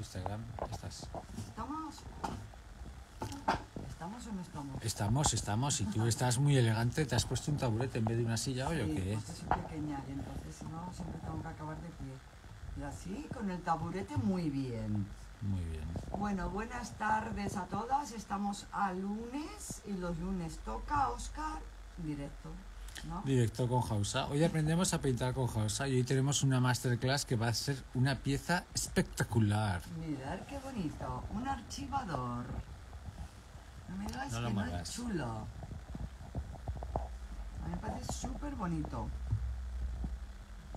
¿Estamos? ¿Estamos o no estamos? Estamos, estamos. Y tú estás muy elegante. ¿Te has puesto un taburete en vez de una silla hoy o qué? soy pues pequeña y entonces no siempre tengo que acabar de pie. Y así, con el taburete, muy bien. Muy bien. Bueno, buenas tardes a todas. Estamos a lunes y los lunes toca Oscar directo. Directo con Hausa. Hoy aprendemos a pintar con Hausa y hoy tenemos una masterclass que va a ser una pieza espectacular. Mirad qué bonito, un archivador. No me digas que no es chulo. A mí me parece súper bonito.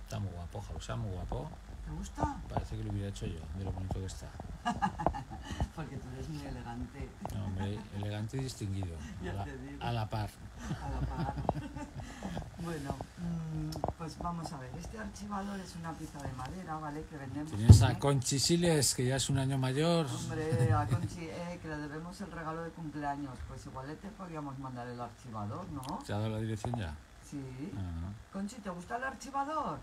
Está muy guapo, Hausa, muy guapo. ¿Te gusta? Parece que lo hubiera hecho yo, de lo bonito que está. Porque tú eres muy elegante. hombre, elegante y distinguido. a, la, par. A la par. bueno, mm, pues vamos a ver. Este archivador es una pieza de madera, ¿vale? Que vendemos. Tienes a Conchi Siles, que ya es un año mayor. Hombre, a Conchi, eh, que le debemos el regalo de cumpleaños. Pues igual le te podríamos mandar el archivador, ¿no? ¿Te ha dado la dirección ya? Sí. Conchi, ¿te gusta el archivador?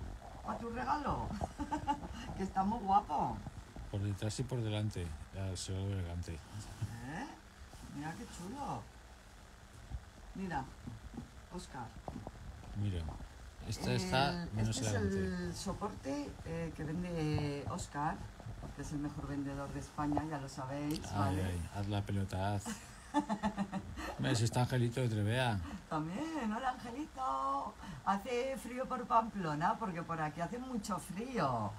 A tu regalo? que está muy guapo. Por detrás y por delante, se ve elegante ¿Eh? Mira qué chulo. Mira, Oscar. Mira, esta está menos este es el soporte eh, que vende Oscar, que es el mejor vendedor de España, ya lo sabéis. Ay, ay, haz la pelota, haz. ¿Ves? Está Angelito de Trevea. También, hola Angelito. Hace frío por Pamplona, porque por aquí hace mucho frío.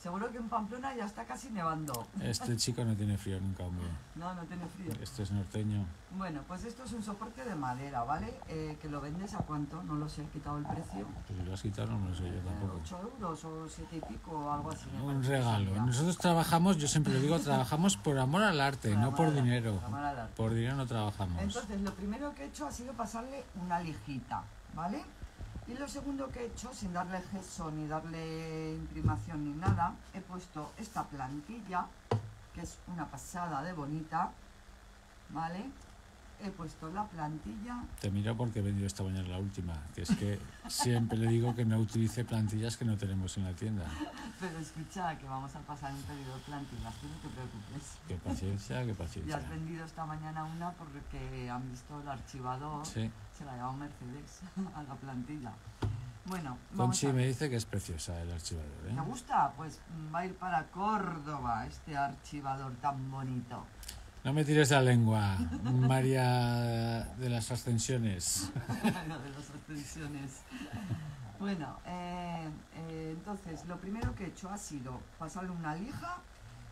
Seguro que en Pamplona ya está casi nevando. Este chico no tiene frío nunca, hombre. No, no tiene frío. Este es norteño. Bueno, pues esto es un soporte de madera, ¿vale? Eh, que lo vendes a cuánto, no lo sé, he quitado el precio. Ah, pues lo has quitado, no lo sé yo eh, tampoco. 8 euros o 7 y pico o algo así. Un regalo. Nosotros trabajamos, yo siempre lo digo, trabajamos por amor al arte, no por dinero. Por, amor al arte. por dinero no trabajamos. Entonces, lo primero que he hecho ha sido pasarle una lijita, ¿vale? Y lo segundo que he hecho, sin darle gesso ni darle imprimación ni nada, he puesto esta plantilla, que es una pasada de bonita, ¿vale? he puesto la plantilla. Te miro porque he vendido esta mañana la última, que es que siempre le digo que no utilice plantillas que no tenemos en la tienda. Pero escucha, que vamos a pasar un pedido de plantillas, no te preocupes. Qué paciencia, qué paciencia. Y has vendido esta mañana una porque han visto el archivador, sí. se la ha Mercedes a la plantilla. Bueno, Conchi me dice que es preciosa el archivador. ¿eh? ¿Te gusta? Pues va a ir para Córdoba este archivador tan bonito. No me tires la lengua, María de las Ascensiones. María de las Ascensiones. Bueno, eh, eh, entonces lo primero que he hecho ha sido pasarle una lija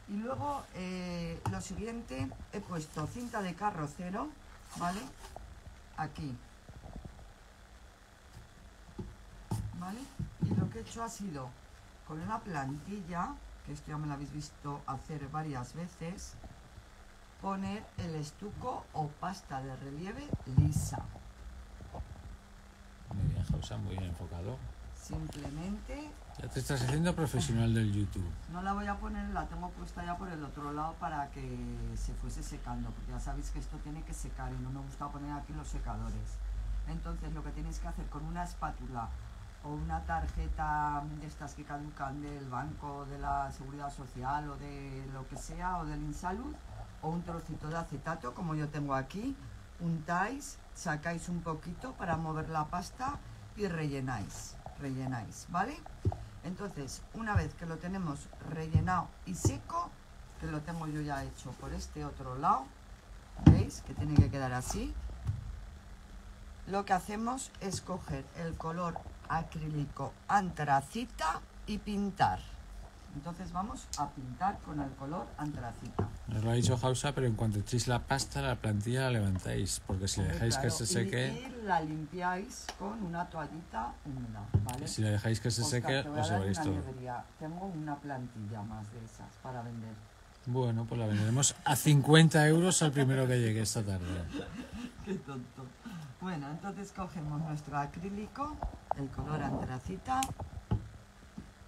y luego eh, lo siguiente he puesto cinta de carrocero, ¿vale? Aquí. ¿Vale? Y lo que he hecho ha sido con una plantilla, que esto ya me lo habéis visto hacer varias veces, poner el estuco o pasta de relieve lisa. Muy bien, Jausa, muy enfocado. Simplemente... Ya te estás haciendo profesional del YouTube. No la voy a poner, la tengo puesta ya por el otro lado para que se fuese secando, porque ya sabéis que esto tiene que secar y no me gusta poner aquí los secadores. Entonces lo que tienes que hacer con una espátula o una tarjeta de estas que caducan del banco, de la seguridad social o de lo que sea, o del Insalud, o un trocito de acetato como yo tengo aquí, untáis, sacáis un poquito para mover la pasta y rellenáis, rellenáis, ¿vale? Entonces, una vez que lo tenemos rellenado y seco, que lo tengo yo ya hecho por este otro lado, ¿veis? Que tiene que quedar así. Lo que hacemos es coger el color acrílico antracita y pintar. Entonces vamos a pintar con el color antracita. Nos lo ha dicho Jausa, pero en cuanto echéis la pasta, la plantilla la levantáis, porque si la dejáis que se seque... la limpiáis con una toallita húmeda, ¿vale? Si la dejáis que se seque, os lo todo. Tengo una plantilla más de esas para vender. Bueno, pues la venderemos a 50 euros al primero que llegue esta tarde. Qué tonto. Bueno, entonces cogemos nuestro acrílico, el color antracita,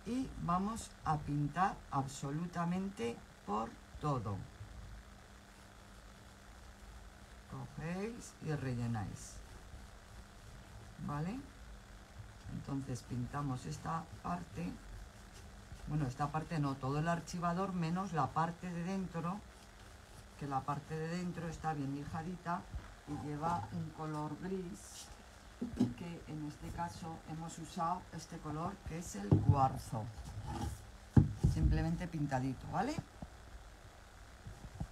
y vamos a pintar absolutamente por todo cogéis y rellenáis vale entonces pintamos esta parte bueno esta parte no todo el archivador menos la parte de dentro que la parte de dentro está bien lijadita y lleva un color gris que en este caso hemos usado este color que es el cuarzo simplemente pintadito vale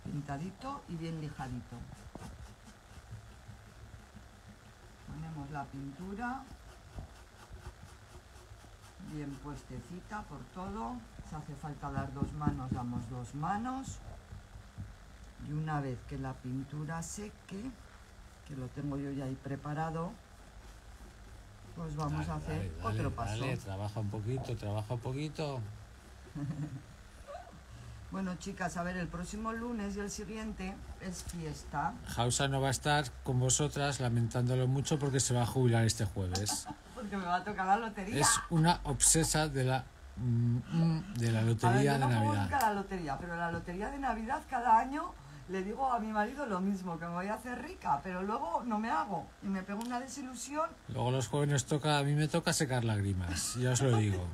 pintadito y bien lijadito ponemos la pintura bien puestecita por todo si hace falta dar dos manos damos dos manos y una vez que la pintura seque que lo tengo yo ya ahí preparado pues vamos a hacer otro dale, trabaja un poquito, trabaja un poquito. bueno, chicas, a ver, el próximo lunes y el siguiente es fiesta. Hausa no va a estar con vosotras, lamentándolo mucho, porque se va a jubilar este jueves. porque me va a tocar la lotería. Es una obsesa de la mm, mm, de la lotería ver, yo no de Navidad. la lotería, pero la lotería de Navidad cada año le digo a mi marido lo mismo, que me voy a hacer rica, pero luego no me hago y me pego una desilusión. Luego los jóvenes toca, a mí me toca secar lágrimas, ya os lo digo,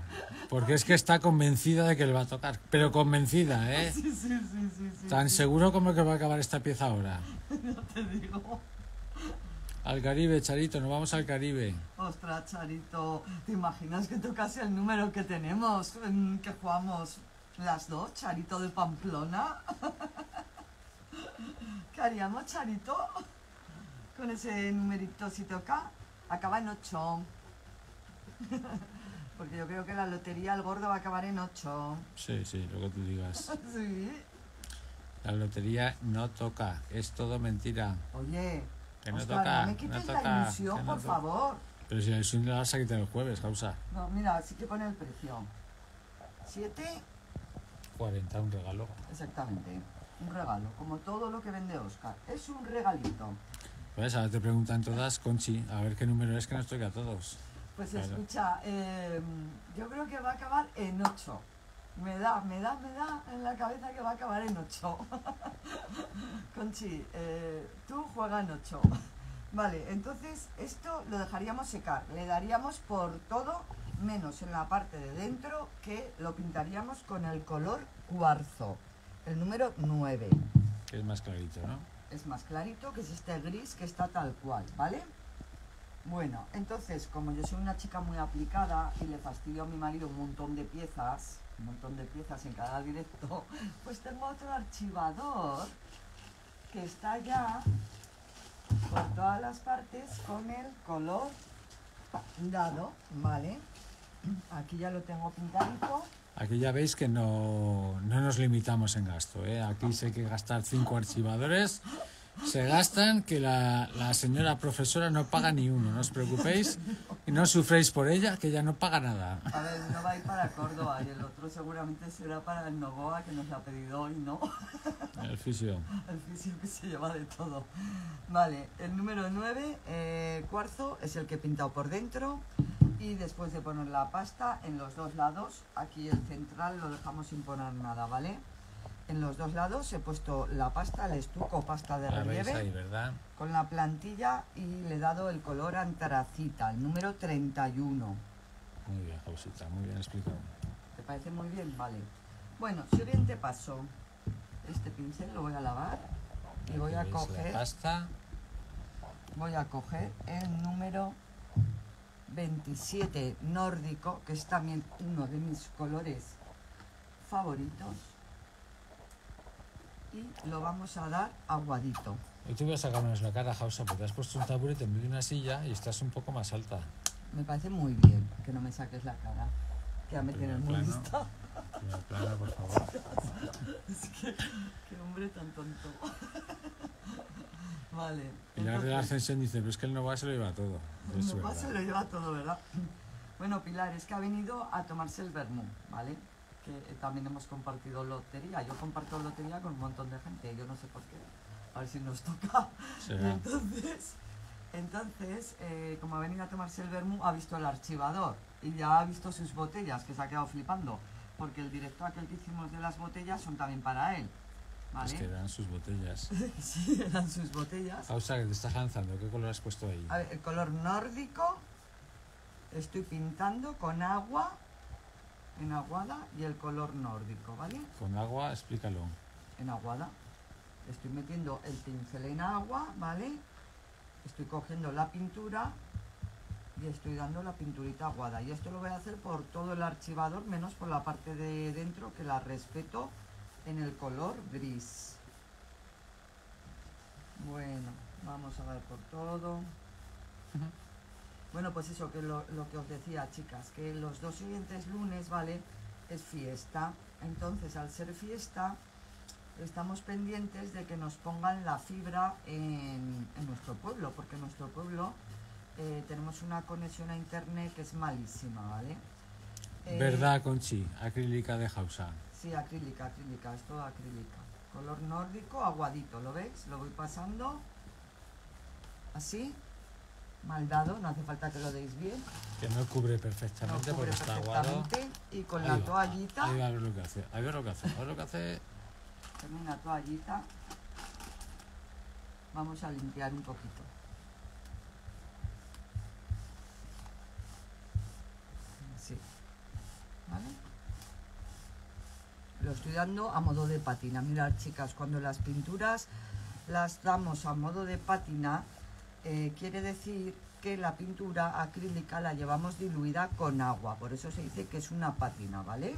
porque es que está convencida de que le va a tocar, pero convencida, ¿eh? Sí, sí, sí, sí. Tan seguro como que va a acabar esta pieza ahora. No te digo. Al Caribe, Charito, nos vamos al Caribe. Ostras, Charito, ¿te imaginas que tocase el número que tenemos, que jugamos las dos, Charito de Pamplona? ¿Qué haríamos, Charito? Con ese numerito si toca. Acaba en 8. Porque yo creo que la lotería al gordo va a acabar en 8. Sí, sí, lo que tú digas. La lotería no toca, es todo mentira. Oye, no me quites la ilusión, por favor. Pero si ilusión la vas a quitar el jueves, causa. No, mira, así que pone el precio. 7. 40, un regalo. Exactamente un regalo, como todo lo que vende Oscar. Es un regalito. Pues ahora te preguntan todas, Conchi, a ver qué número es que nos toca a todos. Pues escucha, eh, yo creo que va a acabar en 8. Me da, me da, me da en la cabeza que va a acabar en 8. Conchi, eh, tú juega en 8. Vale, entonces esto lo dejaríamos secar. Le daríamos por todo menos en la parte de dentro que lo pintaríamos con el color cuarzo. El número 9. Es más clarito, ¿no? Es más clarito que es este gris que está tal cual, ¿vale? Bueno, entonces, como yo soy una chica muy aplicada y le fastidio a mi marido un montón de piezas, un montón de piezas en cada directo, pues tengo otro archivador que está ya por todas las partes con el color dado, ¿vale? Aquí ya lo tengo pintadito. Aquí ya veis que no, no nos limitamos en gasto. ¿eh? Aquí sé que gastar cinco archivadores se gastan que la, la señora profesora no paga ni uno, no os preocupéis y no sufréis por ella, que ella no paga nada. A ver, uno va a ir para Córdoba y el otro seguramente será para el Novoa que nos lo ha pedido hoy, ¿no? El fisio. El fisio que se lleva de todo. Vale, el número 9, eh, cuarzo, es el que he pintado por dentro y después de poner la pasta en los dos lados, aquí el central lo dejamos sin poner nada, ¿vale? en los dos lados he puesto la pasta, el estuco, pasta de relieve, con la plantilla y le he dado el color antracita, el número 31. Muy bien, Josita, muy bien explicado. ¿Te parece muy bien? Vale. Bueno, si bien te paso este pincel, lo voy a lavar y voy a coger... pasta. Voy a coger el número 27 nórdico, que es también uno de mis colores favoritos y lo vamos a dar aguadito. Yo te voy a sacar menos la cara, Jausa, porque has puesto un taburete en medio de una silla y estás un poco más alta. Me parece muy bien que no me saques la cara. Que ya me tienes muy lista. por favor. es que, qué hombre tan tonto. vale. Y de la ascensión dice, pero es que el Nova se lo lleva todo. No el Nova se lo lleva todo, ¿verdad? Bueno, Pilar, es que ha venido a tomarse el vermú, ¿vale? que eh, también hemos compartido lotería. Yo comparto lotería con un montón de gente, yo no sé por qué. A ver si nos toca. Sí. Entonces, entonces eh, como ha venido a tomarse el vermú, ha visto el archivador y ya ha visto sus botellas, que se ha quedado flipando. Porque el directo aquel que hicimos de las botellas son también para él. ¿Vale? Es que eran sus botellas. sí, eran sus botellas. Pausa, ah, que te estás lanzando. ¿Qué color has puesto ahí? A ver, el color nórdico. Estoy pintando con agua en aguada y el color nórdico, ¿vale? Con agua, explícalo. En aguada. Estoy metiendo el pincel en agua, ¿vale? Estoy cogiendo la pintura y estoy dando la pinturita aguada. Y esto lo voy a hacer por todo el archivador, menos por la parte de dentro que la respeto en el color gris. Bueno, vamos a dar por todo. Bueno, pues eso, que lo, que os decía, chicas, que los dos siguientes lunes, ¿vale? Es fiesta. Entonces, al ser fiesta, estamos pendientes de que nos pongan la fibra en, nuestro pueblo, porque en nuestro pueblo eh, tenemos una conexión a internet que es malísima, ¿vale? Eh, ¿Verdad, Conchi? Acrílica de Hausa. Sí, acrílica, acrílica, es todo acrílica. Color nórdico, aguadito, ¿lo veis? Lo voy pasando así mal dado, no hace falta que lo deis bien. Que no cubre perfectamente no cubre porque está aguado. Y con la toallita... a ver lo que hace, ver lo que hace, a ver lo que hace... Con una toallita vamos a limpiar un poquito. Así, ¿vale? Lo estoy dando a modo de patina. Mirad, chicas, cuando las pinturas las damos a modo de patina, eh, quiere decir que la pintura acrílica la llevamos diluida con agua, por eso se dice que es una pátina, ¿vale?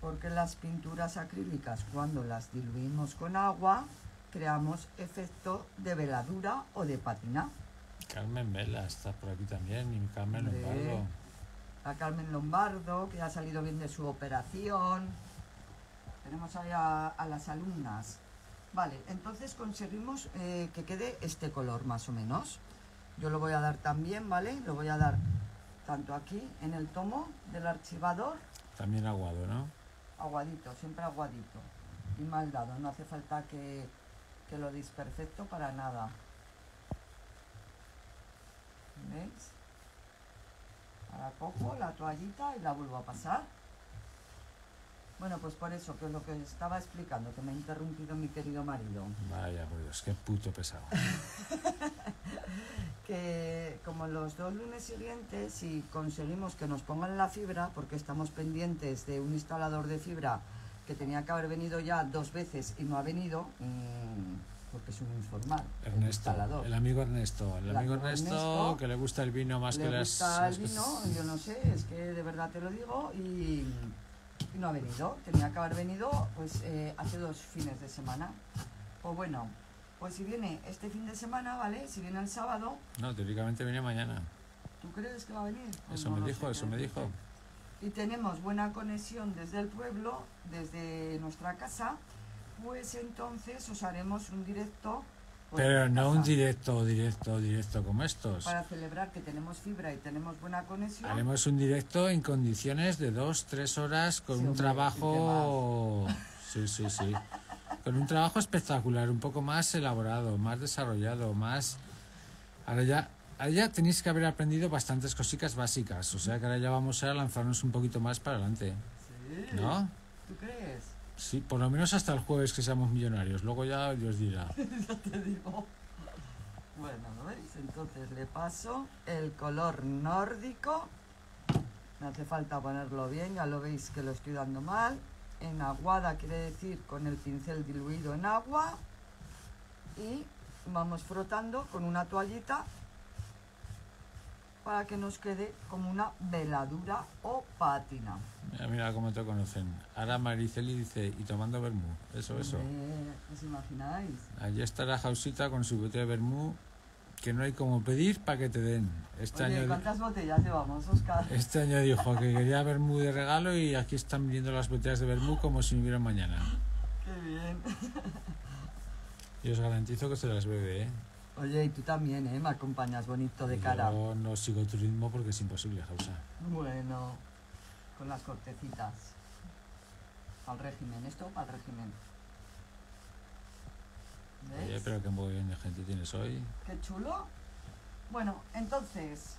Porque las pinturas acrílicas cuando las diluimos con agua creamos efecto de veladura o de pátina. Carmen Vela está por aquí también y Carmen Lombardo. A Carmen Lombardo, que ha salido bien de su operación. Tenemos allá a las alumnas Vale, entonces conseguimos eh, que quede este color más o menos. Yo lo voy a dar también, ¿vale? Lo voy a dar tanto aquí en el tomo del archivador. También aguado, ¿no? Aguadito, siempre aguadito. Y mal dado, no hace falta que, lo disperfecto para nada. ¿Veis? Ahora cojo la toallita y la vuelvo a pasar. Bueno, pues por eso, que es lo que estaba explicando, que me ha interrumpido mi querido marido. Vaya, por Dios, qué puto pesado. que como los dos lunes siguientes, si conseguimos que nos pongan la fibra, porque estamos pendientes de un instalador de fibra que tenía que haber venido ya dos veces y no ha venido, mm, porque es un informal. instalador. el amigo Ernesto, el, amigo Ernesto, que le gusta el vino más que las... gusta el vino, yo no sé, es que de verdad te lo digo, y no ha venido. Tenía que haber venido pues eh, hace dos fines de semana. o bueno, pues si viene este fin de semana, ¿vale? Si viene el sábado... No, teóricamente viene mañana. ¿Tú crees que va a venir? Pues eso me dijo, eso ¿eh? me dijo. Y tenemos buena conexión desde el pueblo, desde nuestra casa, pues entonces os haremos un directo pues Pero no un directo, directo, directo como estos. Para celebrar que tenemos fibra y tenemos buena conexión. Haremos un directo en condiciones de dos, tres horas con un trabajo... Sí, sí, sí. con un trabajo espectacular, un poco más elaborado, más desarrollado, más... Ahora ya, tenéis que haber aprendido bastantes cositas básicas, o sea que ahora ya vamos a lanzarnos un poquito más para adelante. ¿No? ¿Tú crees? Sí, por lo menos hasta el jueves que seamos millonarios. Luego ya Dios dirá. ya te digo. Bueno, ¿lo veis? Entonces le paso el color nórdico. No hace falta ponerlo bien, ya lo veis que lo estoy dando mal. En aguada quiere decir con el pincel diluido en agua. Y vamos frotando con una toallita para que nos quede como una veladura o pátina. Mira, mira cómo te conocen. Ahora Mariceli dice, y tomando vermú. Eso, eso. ¿Os imagináis? Allí está la Jausita con su botella de vermú, que no hay como pedir para que te den. Este año... ¿cuántas botellas llevamos, Oscar? Este año dijo que quería vermú de regalo y aquí están viniendo las botellas de vermú como si hubiera mañana. ¡Qué bien! Y os garantizo que se las bebe, ¿eh? Oye, y tú también, ¿eh? Me acompañas bonito de cara. Yo no sigo tu ritmo porque es imposible, usar. Bueno, con las cortecitas. Al régimen, esto el régimen. ¿Ves? Oye, pero qué muy bien de gente tienes hoy. Qué chulo. Bueno, entonces,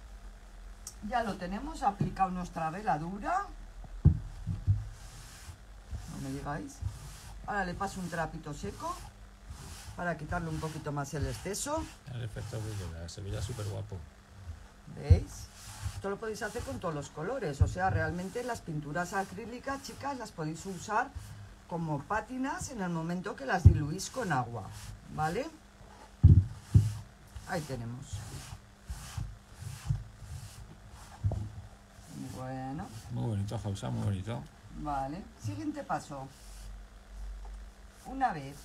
ya lo tenemos aplicado nuestra veladura. ¿No me llegáis? Ahora le paso un trapito seco para quitarle un poquito más el exceso. El efecto brillo, se veía súper guapo. ¿Veis? Esto lo podéis hacer con todos los colores, o sea, realmente las pinturas acrílicas, chicas, las podéis usar como pátinas en el momento que las diluís con agua, ¿vale? Ahí tenemos. Bueno. Muy bonito, Jausa, muy bonito. Vale. Siguiente paso. Una vez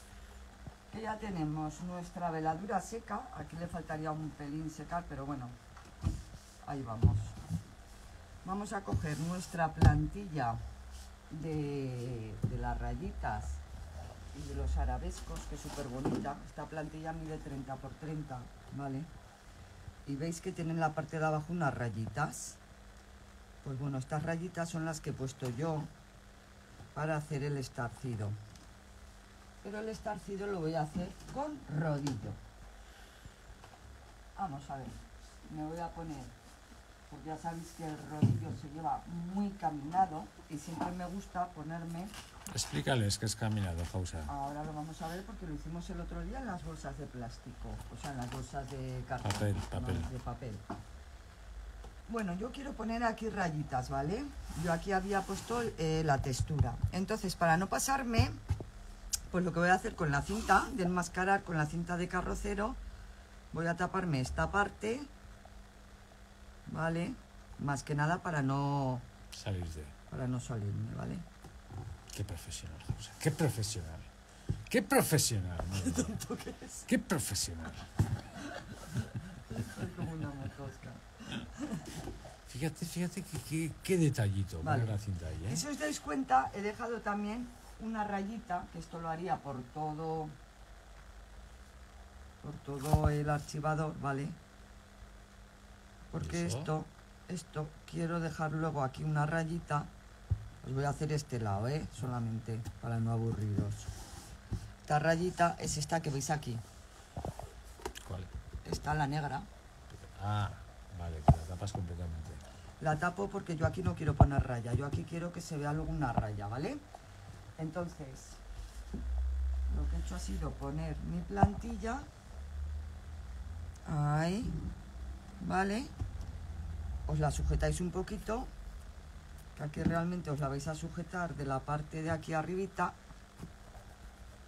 que ya tenemos nuestra veladura seca, aquí le faltaría un pelín secar, pero bueno, ahí vamos. Vamos a coger nuestra plantilla de, las rayitas y de los arabescos, que es súper bonita. Esta plantilla mide 30 por 30, ¿vale? Y veis que tiene en la parte de abajo unas rayitas. Pues bueno, estas rayitas son las que he puesto yo para hacer el estarcido pero el estarcido lo voy a hacer con rodillo. Vamos a ver, me voy a poner, porque ya sabéis que el rodillo se lleva muy caminado y siempre me gusta ponerme... Explícales que es caminado, Pausa. Ahora lo vamos a ver porque lo hicimos el otro día en las bolsas de plástico, o sea, en las bolsas de cartón. Papel, papel. de papel. Bueno, yo quiero poner aquí rayitas, ¿vale? Yo aquí había puesto eh, la textura. Entonces, para no pasarme, pues lo que voy a hacer con la cinta, de enmascarar con la cinta de carrocero, voy a taparme esta parte, ¿vale? Más que nada para no... no salirme, ¿vale? Qué profesional, José. Qué profesional. Qué profesional. Qué que Qué profesional. Fíjate, fíjate qué, detallito. Vale. La cinta ¿eh? Y si os dais cuenta, he dejado también una rayita, que esto lo haría por todo, por todo el archivador, ¿vale? Porque esto, esto, quiero dejar luego aquí una rayita. Os voy a hacer este lado, ¿eh? Solamente, para no aburriros. Esta rayita es esta que veis aquí. ¿Cuál? Está la negra. Ah, vale, la tapas completamente. La tapo porque yo aquí no quiero poner raya, yo aquí quiero que se vea luego una raya, ¿vale? Entonces, lo que he hecho ha sido poner mi plantilla. Ahí. ¿Vale? Os la sujetáis un poquito. Que aquí realmente os la vais a sujetar de la parte de aquí arribita.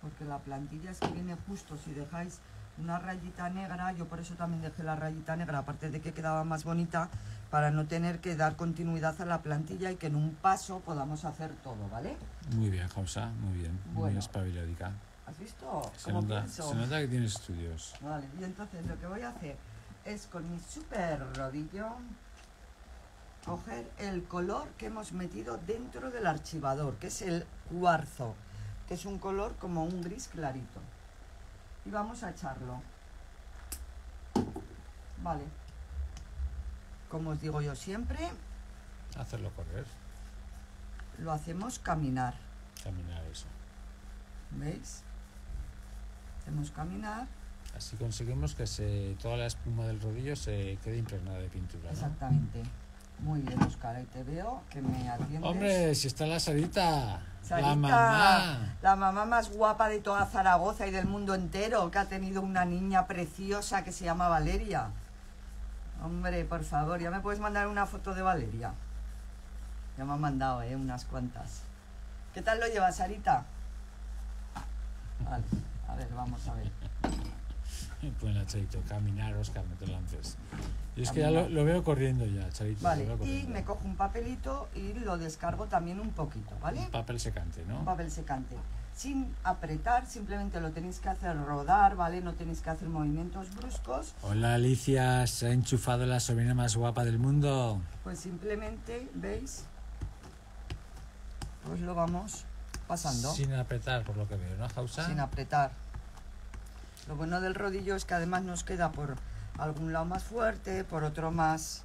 Porque la plantilla es que viene justo. Si dejáis una rayita negra, yo por eso también dejé la rayita negra. Aparte de que quedaba más bonita, para no tener que dar continuidad a la plantilla y que en un paso podamos hacer todo, ¿vale? Muy bien, Jausa, muy bien, muy ¿Has visto? Se nota, que tienes estudios. Vale, y entonces lo que voy a hacer es con mi super rodillo coger el color que hemos metido dentro del archivador, que es el cuarzo, que es un color como un gris clarito. Y vamos a echarlo. Vale, como os digo yo siempre... Hacerlo correr. Lo hacemos caminar. Caminar eso. ¿Veis? Hacemos caminar. Así conseguimos que se, toda la espuma del rodillo se quede impregnada de pintura. Exactamente. Muy bien, Oscar, ahí te veo, que me atiendes. Hombre, si está la Sarita, Sarita, la mamá. La mamá más guapa de toda Zaragoza y del mundo entero, que ha tenido una niña preciosa que se llama Valeria. Hombre, por favor, ¿ya me puedes mandar una foto de Valeria? Ya me han mandado, eh, Unas cuantas. ¿Qué tal lo llevas, Sarita? Vale, a ver, vamos a ver. Buena Charito, caminar, Oscar, no te lances. Y es que ya lo, veo corriendo ya, Charito. Vale, y me cojo un papelito y lo descargo también un poquito, ¿vale? Un papel secante, ¿no? Un papel secante sin apretar, simplemente lo tenéis que hacer rodar, ¿vale? No tenéis que hacer movimientos bruscos. Hola Alicia, se ha enchufado la sobrina más guapa del mundo. Pues simplemente, ¿veis? Pues lo vamos pasando. Sin apretar, por lo que veo, ¿no, Jausa? Sin apretar. Lo bueno del rodillo es que además nos queda por algún lado más fuerte, por otro más...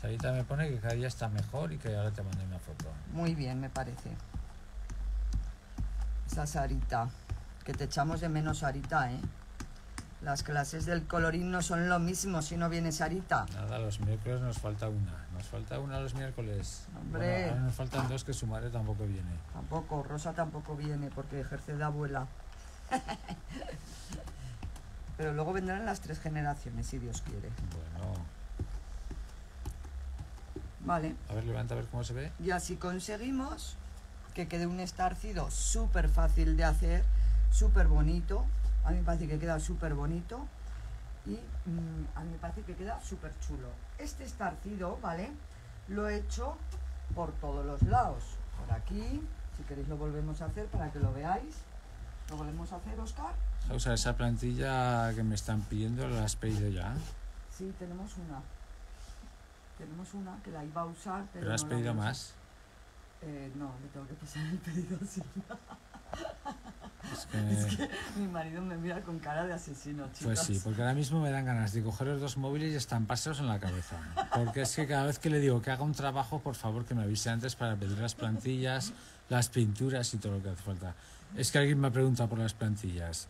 Sarita me pone que cada día está mejor y que ahora te mando una foto. Muy bien, me parece esa Sarita, que te echamos de menos Sarita, ¿eh? Las clases del colorín no son lo mismo si no viene Sarita. Nada, los miércoles nos falta una. Nos falta una los miércoles. Hombre. nos faltan dos que su madre tampoco viene. Tampoco, Rosa tampoco viene porque ejerce de abuela. Pero luego vendrán las tres generaciones, si Dios quiere. Bueno. Vale. A ver, levanta a ver cómo se ve. Y así conseguimos que quede un estarcido súper fácil de hacer, súper bonito. A mí me parece que queda súper bonito y mm, a mí me parece que queda súper chulo. Este estarcido, ¿vale? Lo he hecho por todos los lados. Por aquí, si queréis lo volvemos a hacer para que lo veáis. ¿Lo volvemos a hacer, Oscar? O sea, esa plantilla que me están pidiendo, ¿la has pedido ya? Sí, tenemos una. Tenemos una que la iba a usar. ¿Pero, la has pedido más? Eh, no, le tengo que pasar el pedido Es que... mi marido me mira con cara de asesino, pues chicos. Pues sí, porque ahora mismo me dan ganas de coger los dos móviles y estampárselos en la cabeza. Porque es que cada vez que le digo que haga un trabajo, por favor que me avise antes para pedir las plantillas, las pinturas y todo lo que hace falta. Es que alguien me pregunta por las plantillas.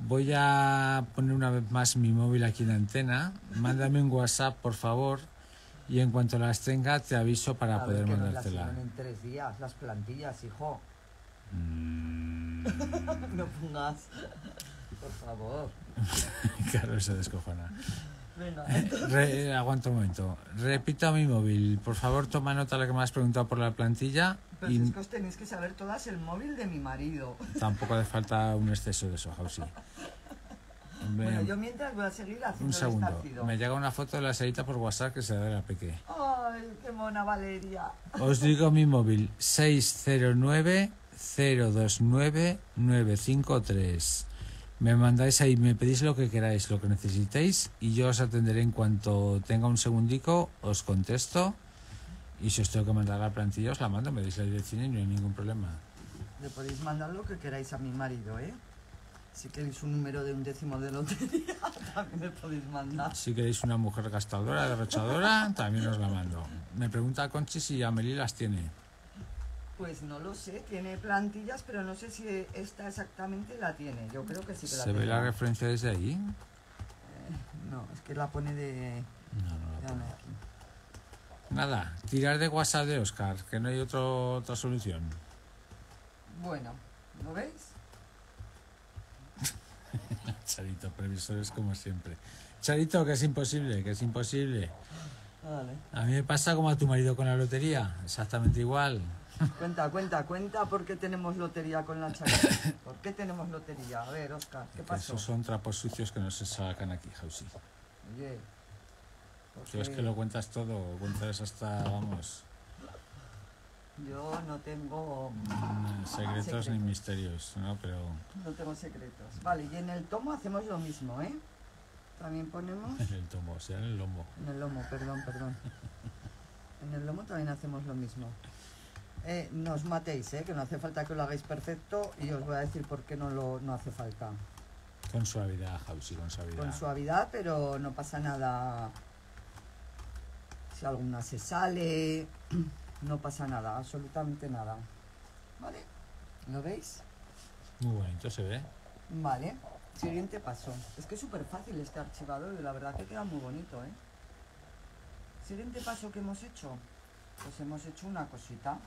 Voy a poner una vez más mi móvil aquí en la antena. Mándame un WhatsApp, por favor, y en cuanto las tenga, te aviso para a poder ver, que mandártela. en tres días, las plantillas, hijo. Mm. no pongas. Por favor. Carlos se descojona. Venga, eh, eh, aguanta un momento. Repito a mi móvil. Por favor, toma nota de lo que me has preguntado por la plantilla. Pero es que os tenéis que saber todas el móvil de mi marido. Tampoco hace falta un exceso de eso, Sí. Bueno, yo mientras voy a seguir haciendo Un segundo. Me llega una foto de la salita por WhatsApp que se da la peque. ¡Ay, qué mona Valeria! Os digo mi móvil: 609 029 953. Me mandáis ahí, me pedís lo que queráis, lo que necesitéis y yo os atenderé en cuanto tenga un segundico, os contesto y si os tengo que mandar la plantilla os la mando, me dais la dirección y no hay ningún problema. Le podéis mandar lo que queráis a mi marido, ¿eh? Si queréis un número de un décimo de lotería, también me podéis mandar. Si queréis una mujer gastadora, derrochadora, también os la mando. Me pregunta Conchi si Amelie las tiene. Pues no lo sé, tiene plantillas, pero no sé si esta exactamente la tiene. Yo creo que sí que la ¿Se ve la referencia desde ahí? Eh, no, es que la pone de... No, no Nada, tirar de WhatsApp de Oscar, que no hay otra solución. Bueno, ¿lo veis? Charito, previsores como siempre. Charito, que es imposible, que es imposible. Ah, a mí me pasa como a tu marido con la lotería, exactamente igual. Cuenta, cuenta, cuenta, ¿por qué tenemos lotería con la charita? ¿Por qué tenemos lotería? A ver, Oscar, ¿qué pasa? Esos son trapos sucios que no se sacan aquí, Jausi. Oye. Tú es que lo cuentas todo, cuentas hasta, vamos. Yo no tengo mm, mm, secretos, ni misterios, ¿no? Pero... No tengo secretos. Vale, y en el tomo hacemos lo mismo, ¿eh? También ponemos... En el tomo, o sea, en el lomo. En el lomo, perdón, perdón. en el lomo también hacemos lo mismo. Eh, no matéis, ¿eh? que no hace falta que lo hagáis perfecto y os voy a decir por qué no, lo, hace falta. Con suavidad, Javi, con suavidad. Con suavidad, pero no pasa nada si alguna se sale. no pasa nada, absolutamente nada. ¿Vale? ¿Lo veis? Muy bonito se ve. Vale. Siguiente paso. Es que es súper fácil este archivador y la verdad que queda muy bonito, ¿eh? Siguiente paso que hemos hecho. Pues hemos hecho una cosita.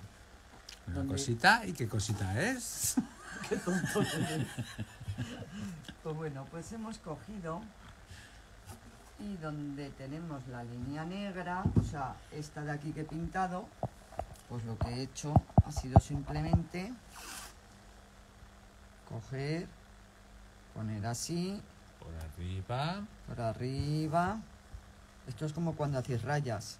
¿Una cosita? ¿Y qué cosita es? qué tonto Pues bueno, pues hemos cogido y donde tenemos la línea negra, o sea, esta de aquí que he pintado, pues lo que he hecho ha sido simplemente coger, poner así. Por arriba. Por arriba. Esto es como cuando hacéis rayas.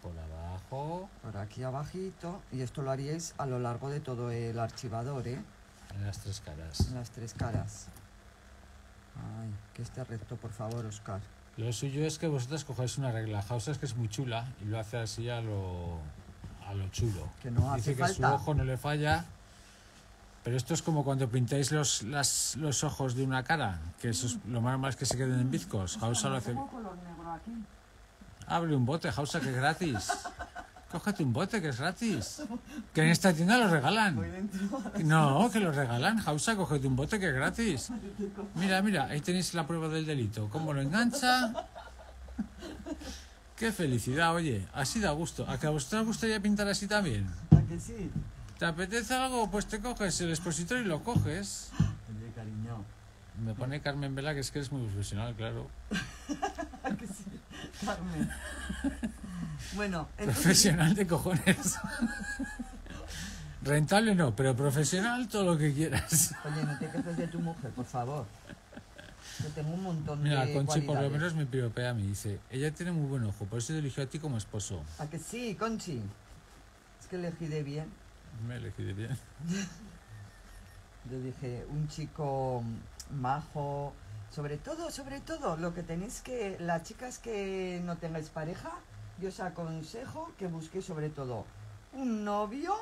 Por abajo. Por aquí abajito. Y esto lo haríais a lo largo de todo el archivador, ¿eh? En las tres caras. En las tres caras. que esté recto, por favor, Oscar. Lo suyo es que vosotras cojáis una regla. Hausa es que es muy chula y lo hace así a lo, a lo chulo. Que no hace Dice que su ojo no le falla. Pero esto es como cuando pintáis los, las, los ojos de una cara, que eso es lo más normal es que se queden en bizcos. Hausa lo hace. Abre un bote, Hausa, que es gratis. Cógete un bote que es gratis. Que en esta tienda lo regalan. No, que lo regalan. Hausa, cógete un bote que es gratis. Mira, mira, ahí tenéis la prueba del delito. ¿Cómo lo engancha? Qué felicidad, oye. Así da gusto. ¿A que a vosotros os gustaría pintar así también? ¿A que sí? ¿Te apetece algo? Pues te coges el expositor y lo coges. cariño. Me pone Carmen Vela que es que eres muy profesional, claro. ¿A que sí? Carmen. Bueno, Profesional de cojones. Rentable no, pero profesional todo lo que quieras. Oye, no te quejes de tu mujer, por favor. Yo tengo un montón Mira, Conchi por lo menos me piropea, me dice. Ella tiene muy buen ojo, por eso te eligió a ti como esposo. ¿A que sí, Conchi? Es que elegí de bien. Me elegí de bien. Yo dije, un chico majo, sobre todo, sobre todo, lo que tenéis que, las chicas que no tengáis pareja, yo os aconsejo que busquéis sobre todo un novio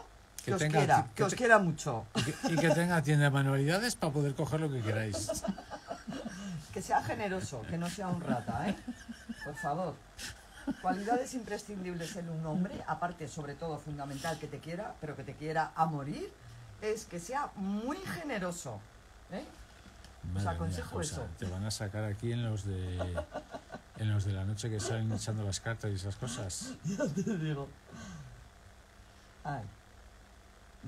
que, os quiera, que, os quiera mucho. Y que, tenga tienda de manualidades para poder coger lo que queráis. que sea generoso, que no sea un rata, ¿eh? Por favor. Cualidades imprescindibles en un hombre, aparte, sobre todo, fundamental que te quiera, pero que te quiera a morir, es que sea muy generoso. ¿eh? Os aconsejo eso. Te van a sacar aquí en los de en los de la noche que salen echando las cartas y esas cosas. Ya te digo.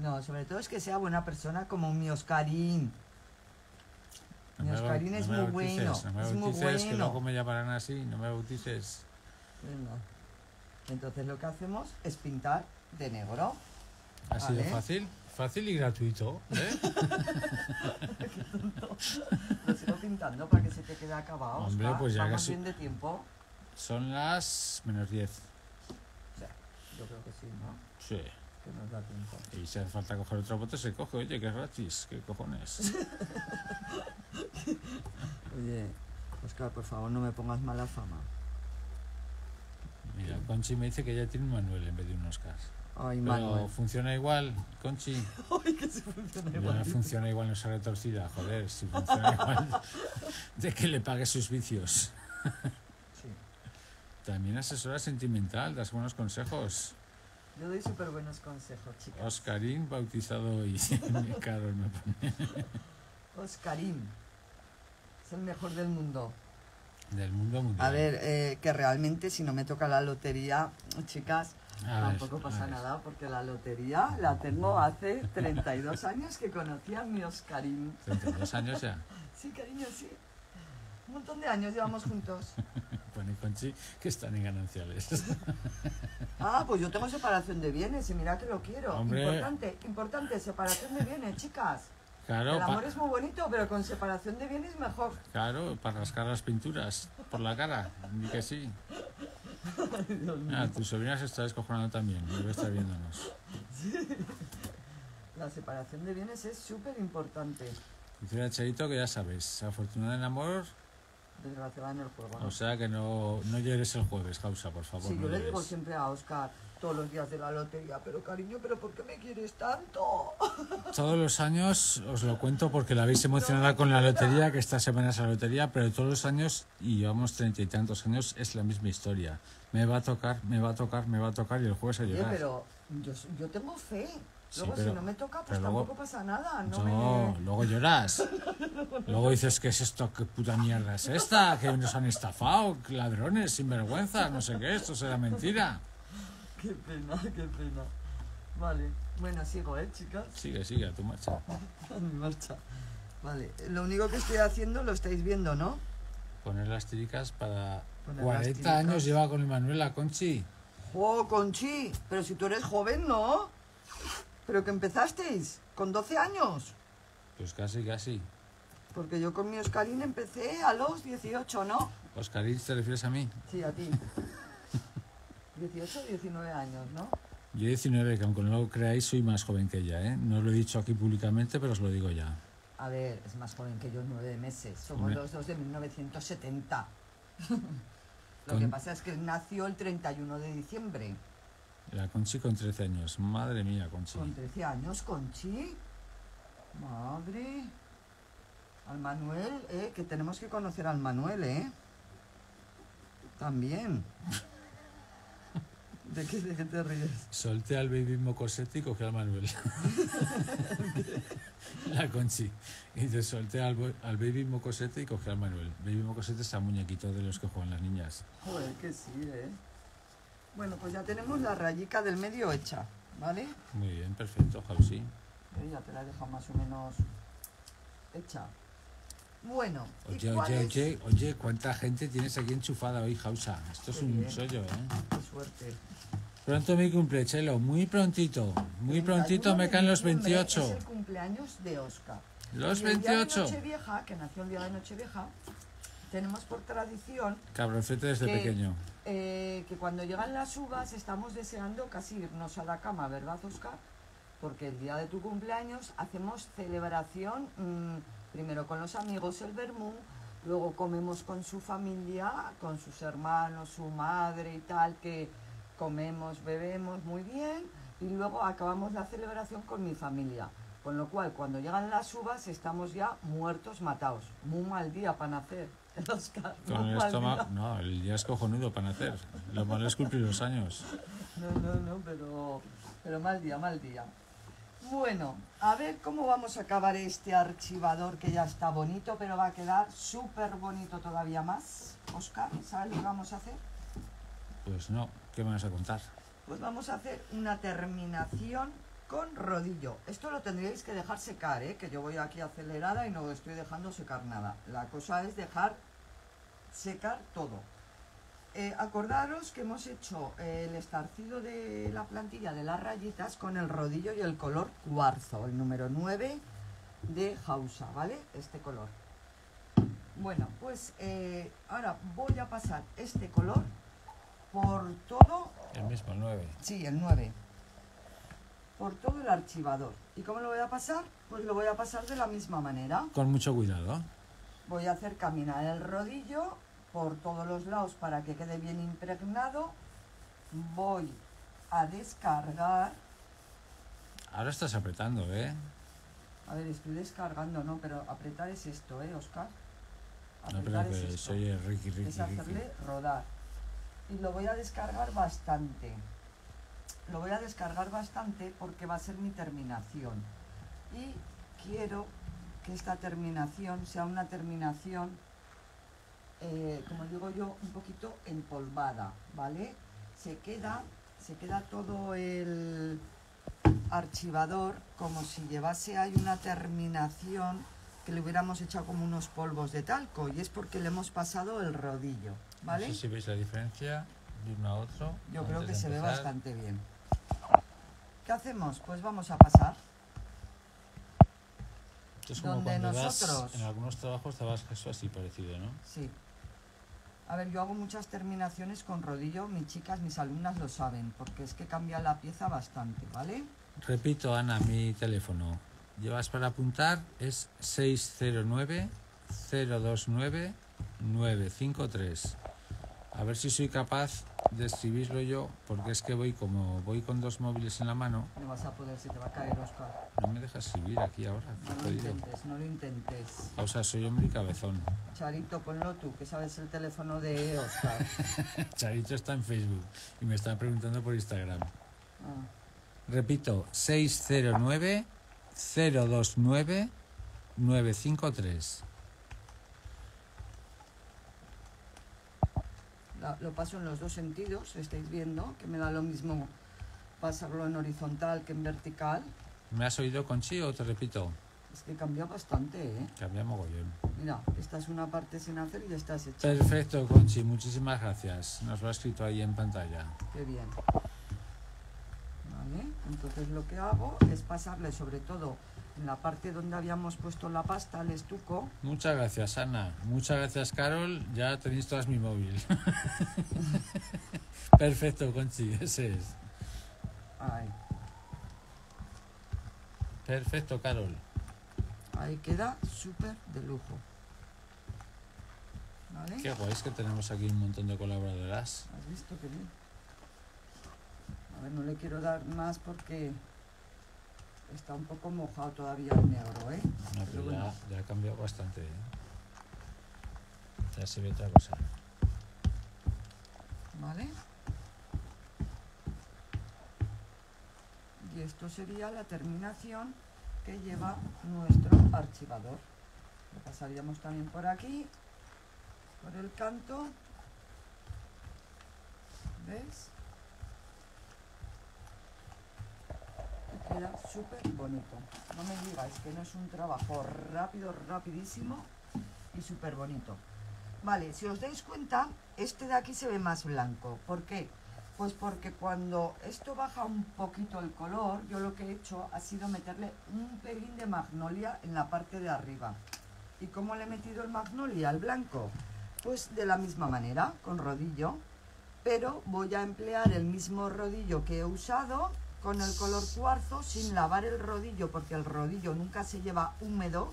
No, sobre todo es que sea buena persona como mi Oscarín. mi Oscarín es muy bueno. No me es bautices, muy bueno. que luego me llamarán así, no me bautices. Entonces lo que hacemos es pintar de negro. Ha sido fácil, fácil y gratuito. ¿eh? Qué tonto. Lo sigo pintando para que se te quede acabado. Hombre, pues ya Son las menos 10. O sea, yo creo que sí, ¿no? Sí. Que nos da tiempo. Y si hace falta coger otra bota se coge. Oye, qué gratis. ¿Qué cojones? Oye, Oscar, por favor, no me pongas mala fama. Mira, Conchi me dice que ya tiene un Manuel en vez de un Oscar. Ay, Pero funciona igual, Conchi. Ay, que funciona igual. funciona igual, no se retorcida. Joder, si funciona igual, de que le pague sus vicios. Sí. También asesora sentimental, das buenos consejos. Yo doy súper buenos consejos, chicas. Oscarín, bautizado hoy. Caro me Oscarín. Es el mejor del mundo. Del mundo mundial. A ver, eh, que realmente si no me toca la lotería, chicas, Ah, Tampoco pasa ah, nada porque la lotería la tengo hace 32 años que conocí a mi Oscarín. ¿32 años ya? sí, cariño, sí. Un montón de años llevamos juntos. Bueno, y sí, que están en gananciales. ah, pues yo tengo separación de bienes y mira que lo quiero. Importante, importante, separación de bienes, chicas. Claro, el amor es muy bonito, pero con separación de bienes mejor. Claro, para rascar las pinturas por la cara, ni que sí. Ah, tu sobrina se está descojonando también, debe estar viéndonos. La separación de bienes es súper importante. Dice Charito que ya sabes, afortunada en amor. Desgraciada en el juego. O sea que no, no llores el jueves, causa, por favor. Sí, no yo siempre a Oscar, todos los días de la lotería, pero cariño, ¿pero por qué me quieres tanto? Todos los años, os lo cuento porque la habéis emocionada con la lotería, que esta semana es la lotería, pero todos los años, y llevamos treinta y tantos años, es la misma historia. Me va a tocar, me va a tocar, me va a tocar y el jueves a llorar. pero yo, tengo fe. Luego, si no me toca, pues tampoco pasa nada. No, luego lloras. luego dices, ¿qué es esto? ¿Qué puta mierda es esta? Que nos han estafado, ladrones, sinvergüenza, no sé qué, esto será mentira. Qué pena, qué pena. Vale, bueno, sigo, ¿eh, chicas? Sigue, sigue, a tu marcha. a mi Vale, lo único que estoy haciendo lo estáis viendo, ¿no? Poner las tiricas para... 40 años lleva con Emanuela, Conchi. ¡Oh, Conchi! Pero si tú eres joven, ¿no? ¿Pero que empezasteis? ¿Con 12 años? Pues casi, casi. Porque yo con mi Oscarín empecé a los 18, ¿no? Oscarín, ¿te refieres a mí? Sí, a ti. 18 o 19 años, ¿no? Yo 19, que aunque no lo creáis, soy más joven que ella, ¿eh? No lo he dicho aquí públicamente, pero os lo digo ya. A ver, es más joven que yo, nueve meses. Somos los dos de 1970. lo que pasa es que nació el 31 de diciembre. La Conchi con 13 años. Madre mía, Conchi. Con 13 años, Conchi. Madre. Al Manuel, eh, que tenemos que conocer al Manuel, eh. También. ¿De qué, te ríes? Solté al baby Mocosete y coge al Manuel. la Conchi. Y te solté al, al baby Mocosete y cogí al Manuel. Baby Mocosete es el muñequito de los que juegan las niñas. Joder, que sí, ¿eh? Bueno, pues ya tenemos la rayica del medio hecha, ¿vale? Muy bien, perfecto, Jausi. Eh, ya te la he dejado más o menos hecha. Bueno. Oye, oye, oye, oye, cuánta gente tienes aquí enchufada hoy, Jausa. Esto es un bien. sollo, ¿eh? Qué suerte. Pronto mi cumple, Chelo, muy prontito. Muy prontito me caen los 28. Es el cumpleaños de Oscar. Los 28. día de Nochevieja, que nació el día de Nochevieja, tenemos por tradición. Cabroncete desde pequeño. Eh, que cuando llegan las uvas estamos deseando casi irnos a la cama, ¿verdad, Oscar? Porque el día de tu cumpleaños hacemos celebración mm, primero con los amigos, el vermú, luego comemos con su familia, con sus hermanos, su madre y tal, que comemos, bebemos muy bien y luego acabamos la celebración con mi familia. Con lo cual, cuando llegan las uvas, estamos ya muertos, matados. Muy mal día para nacer. Oscar, no, el día es cojonudo para nacer. Lo malo es cumplir los años. No, no, no, pero, pero mal día, mal día. Bueno, a ver cómo vamos a acabar este archivador que ya está bonito, pero va a quedar súper bonito todavía más. Oscar, ¿sabes lo que vamos a hacer? Pues no. ¿Qué me vas a contar? Pues vamos a hacer una terminación con rodillo. Esto lo tendríais que dejar secar, ¿eh? que yo voy aquí acelerada y no estoy dejando secar nada. La cosa es dejar secar todo. Eh, acordaros que hemos hecho eh, el estarcido de la plantilla de las rayitas con el rodillo y el color cuarzo, el número 9 de Hausa, ¿vale? Este color. Bueno, pues ahora voy a pasar este color por todo... El mismo, el 9. Sí, el 9. Por todo el archivador. ¿Y cómo lo voy a pasar? Pues lo voy a pasar de la misma manera. Con mucho cuidado. Voy a hacer caminar el rodillo por todos los lados para que quede bien impregnado. Voy a descargar. Ahora estás apretando, ¿eh? A ver, estoy descargando, no, pero apretar es esto, ¿eh, Oscar? Apretar no, pero, es esto. Es hacerle rodar y lo voy a descargar bastante. Lo voy a descargar bastante porque va a ser mi terminación. Y quiero que esta terminación sea una terminación, eh, como digo yo, un poquito empolvada, ¿vale? Se queda, se queda todo el archivador como si llevase ahí una terminación que le hubiéramos echado como unos polvos de talco y es porque le hemos pasado el rodillo. No sé si veis la diferencia de uno a otro. Yo creo que se ve bastante bien. ¿Qué hacemos? Pues vamos a pasar. es como Donde nosotros... en algunos trabajos vas eso así parecido, ¿no? Sí. A ver, yo hago muchas terminaciones con rodillo, mis chicas, mis alumnas lo saben, porque es que cambia la pieza bastante, ¿vale? Repito, Ana, mi teléfono. Llevas para apuntar, es 609 029 953. A ver si soy capaz de escribirlo yo, porque es que voy como voy con dos móviles en la mano. No vas a poder, si te va a caer, Oscar. No me dejas escribir aquí ahora. No lo intentes, no lo intentes. O sea, soy hombre y cabezón. Charito, ponlo tú, que sabes el teléfono de Oscar. Charito está en Facebook y me está preguntando por Instagram. Ah. Repito, 609 029 953. lo paso en los dos sentidos, estáis viendo, que me da lo mismo pasarlo en horizontal que en vertical. ¿Me has oído, Conchi, o te repito? Es que cambia bastante, ¿eh? Cambia mogollón. Mira, esta es una parte sin hacer y esta es hecha. Perfecto, Conchi, muchísimas gracias. Nos lo ha escrito ahí en pantalla. Qué bien. Vale, entonces lo que hago es pasarle sobre todo en la parte donde habíamos puesto la pasta, el estuco. Muchas gracias, Ana. Muchas gracias, Carol. Ya tenéis todas mi móvil. Perfecto, Conchi, ese es. Perfecto, Carol. Ahí queda súper de lujo. Qué guay, es que tenemos aquí un montón de colaboradoras. ¿Has visto qué bien? A ver, no le quiero dar más porque Está un poco mojado todavía el negro, ¿eh? No, pero, ya, ha cambiado bastante. ¿eh? Ya se ve otra cosa. ¿Vale? Y esto sería la terminación que lleva nuestro archivador. Lo pasaríamos también por aquí, por el canto. ¿Ves? queda súper bonito. No me digáis que no es un trabajo rápido, rapidísimo y súper bonito. Vale, si os dais cuenta, este de aquí se ve más blanco. ¿Por qué? Pues porque cuando esto baja un poquito el color, yo lo que he hecho ha sido meterle un pelín de magnolia en la parte de arriba. ¿Y cómo le he metido el magnolia al blanco? Pues de la misma manera, con rodillo. Pero voy a emplear el mismo rodillo que he usado con el color cuarzo sin lavar el rodillo, porque el rodillo nunca se lleva húmedo,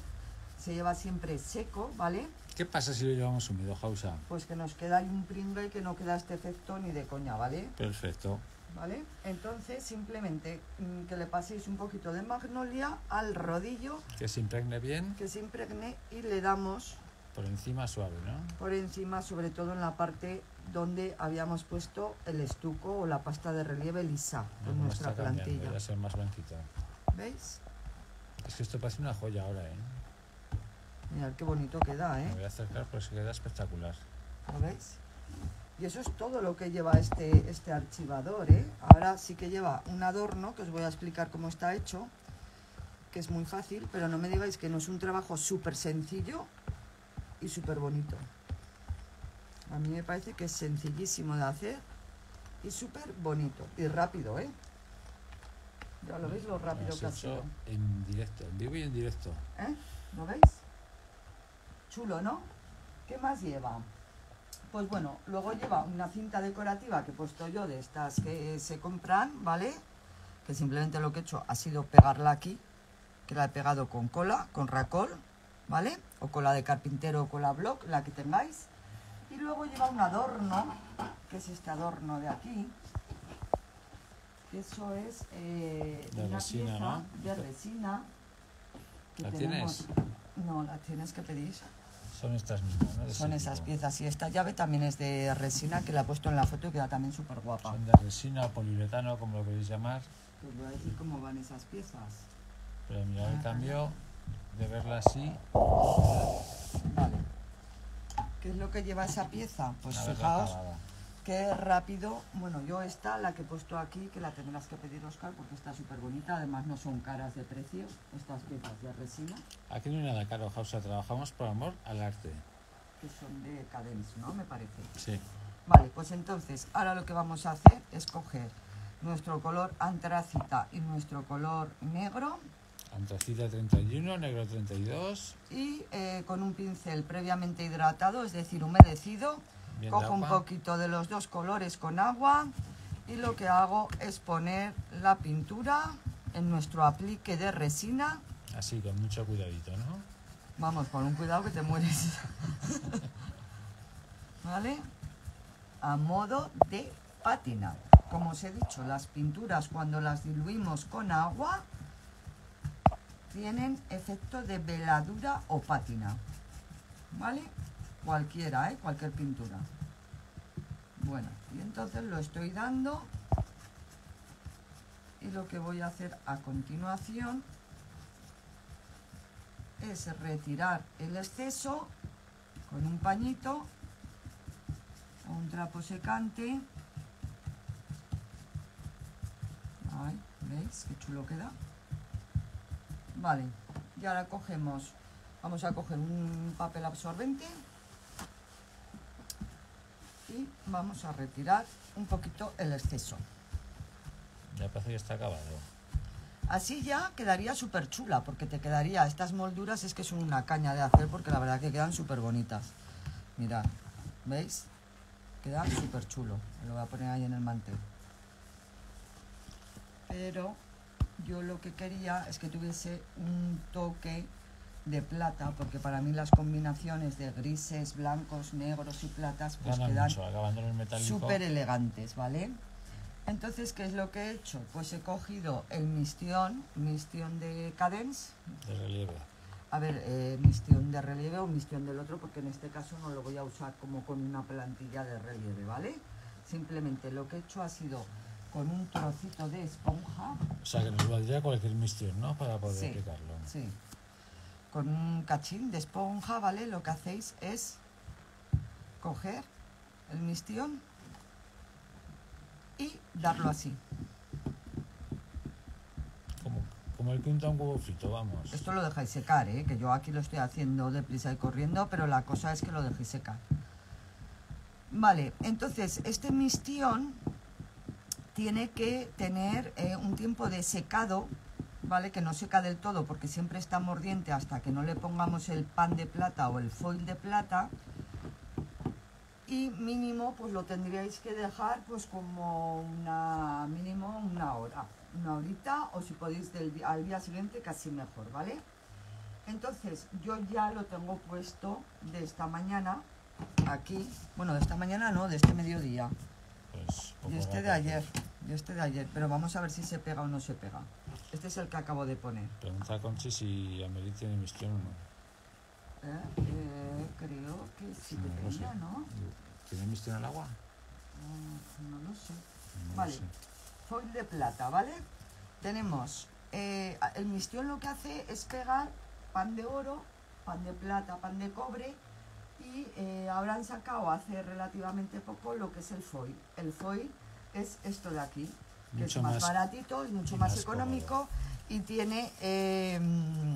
se lleva siempre seco, ¿vale? ¿Qué pasa si lo llevamos húmedo, Jausa? Pues que nos queda ahí un que no queda este efecto ni de coña, ¿vale? Perfecto. ¿Vale? Entonces, simplemente mm, que le paséis un poquito de magnolia al rodillo. Que se impregne bien. Que se impregne y le damos... Por encima suave, ¿no? Por encima, sobre todo en la parte donde habíamos puesto el estuco o la pasta de relieve lisa pues nuestra plantilla. a ser más blanquita. ¿Veis? Es que esto parece una joya ahora, ¿eh? Mirad qué bonito queda, ¿eh? Me voy a acercar porque se queda espectacular. ¿Lo veis? Y eso es todo lo que lleva este, este archivador, ¿eh? Ahora sí que lleva un adorno, que os voy a explicar cómo está hecho, que es muy fácil, pero no me digáis que no es un trabajo súper sencillo y súper bonito. A mí me parece que es sencillísimo de hacer y súper bonito y rápido, ¿eh? Ya lo veis lo rápido que ha sido. En directo, en vivo y en directo. ¿Eh? ¿Lo veis? Chulo, ¿no? ¿Qué más lleva? Pues bueno, luego lleva una cinta decorativa que he puesto yo de estas que se compran, ¿vale? Que simplemente lo que he hecho ha sido pegarla aquí, que la he pegado con cola, con racol, ¿vale? O cola de carpintero o cola block, la que tengáis. Y luego lleva un adorno, que es este adorno de aquí, eso es eh, de una resina, pieza de resina. ¿La tienes? No, la tienes que pedir. Son estas mismas, ¿no? Son esas piezas. Y esta llave también es de resina, que la he puesto en la foto y queda también súper guapa. Son de resina, poliuretano, como lo queréis llamar. Os pues voy a decir cómo van esas piezas. Pero mira el ah, cambio de verla así. Vale. ¿Qué es lo que lleva esa pieza? Pues fijaos qué rápido. Bueno, yo esta, la que he puesto aquí, que la tendrás que pedir, Oscar, porque está súper bonita. Además, no son caras de precio estas piezas de resina. Aquí no hay nada caro, sea, Trabajamos por amor al arte. Que son de Cadence, ¿no? Me parece. Sí. Vale, pues entonces, ahora lo que vamos a hacer es coger nuestro color antracita y nuestro color negro Antracita 31, negro 32. Y eh, con un pincel previamente hidratado, es decir, humedecido, cojo un poquito de los dos colores con agua y lo que hago es poner la pintura en nuestro aplique de resina. Así, con mucho cuidadito, ¿no? Vamos, con un cuidado que te mueres. ¿Vale? A modo de pátina. Como os he dicho, las pinturas cuando las diluimos con agua tienen efecto de veladura o pátina. ¿Vale? Cualquiera, ¿eh? Cualquier pintura. Bueno, y entonces lo estoy dando. Y lo que voy a hacer a continuación es retirar el exceso con un pañito o un trapo secante. Ay, ¿Veis qué chulo queda? Vale, y ahora cogemos, vamos a coger un papel absorbente y vamos a retirar un poquito el exceso. Ya parece que está acabado. Así ya quedaría súper chula, porque te quedaría, estas molduras es que son una caña de hacer, porque la verdad que quedan súper bonitas. Mirad, ¿veis? Queda súper chulo. Lo voy a poner ahí en el mantel. Pero yo lo que quería es que tuviese un toque de plata, porque para mí las combinaciones de grises, blancos, negros y platas pues quedan súper elegantes, ¿vale? Entonces, ¿qué es lo que he hecho? Pues he cogido el mistión, mistión de cadence. De relieve. A ver, eh, mistión de relieve o mistión del otro, porque en este caso no lo voy a usar como con una plantilla de relieve, ¿vale? Simplemente lo que he hecho ha sido con un trocito de esponja. O sea, que nos valdría cualquier mistión, ¿no? Para poder Sí. Con un cachín de esponja, ¿vale? Lo que hacéis es coger el mistión y darlo así. Como, como el que un huevo vamos. Esto lo dejáis secar, ¿eh? Que yo aquí lo estoy haciendo deprisa y corriendo, pero la cosa es que lo dejéis secar. Vale, entonces este mistión tiene que tener eh, un tiempo de secado, ¿vale? Que no seca del todo porque siempre está mordiente hasta que no le pongamos el pan de plata o el foil de plata. Y mínimo, pues lo tendríais que dejar pues como una, mínimo una hora, una horita o si podéis del, al día siguiente casi mejor, ¿vale? Entonces yo ya lo tengo puesto de esta mañana aquí, bueno, de esta mañana no, de este mediodía, pues, de este de ayer. Yo este de ayer, pero vamos a ver si se pega o no se pega. Este es el que acabo de poner. Pregunta a Conchi si Amelie tiene misión o no. Eh, eh, creo que sí no, no ¿Tiene misión al agua? Mm, no lo sé. vale, foil de plata, ¿vale? Tenemos, eh, el mistión lo que hace es pegar pan de oro, pan de plata, pan de cobre y habrán sacado hace relativamente poco lo que es el foil. El foil es esto de aquí, que es más, baratito, es mucho más, económico y tiene... Em,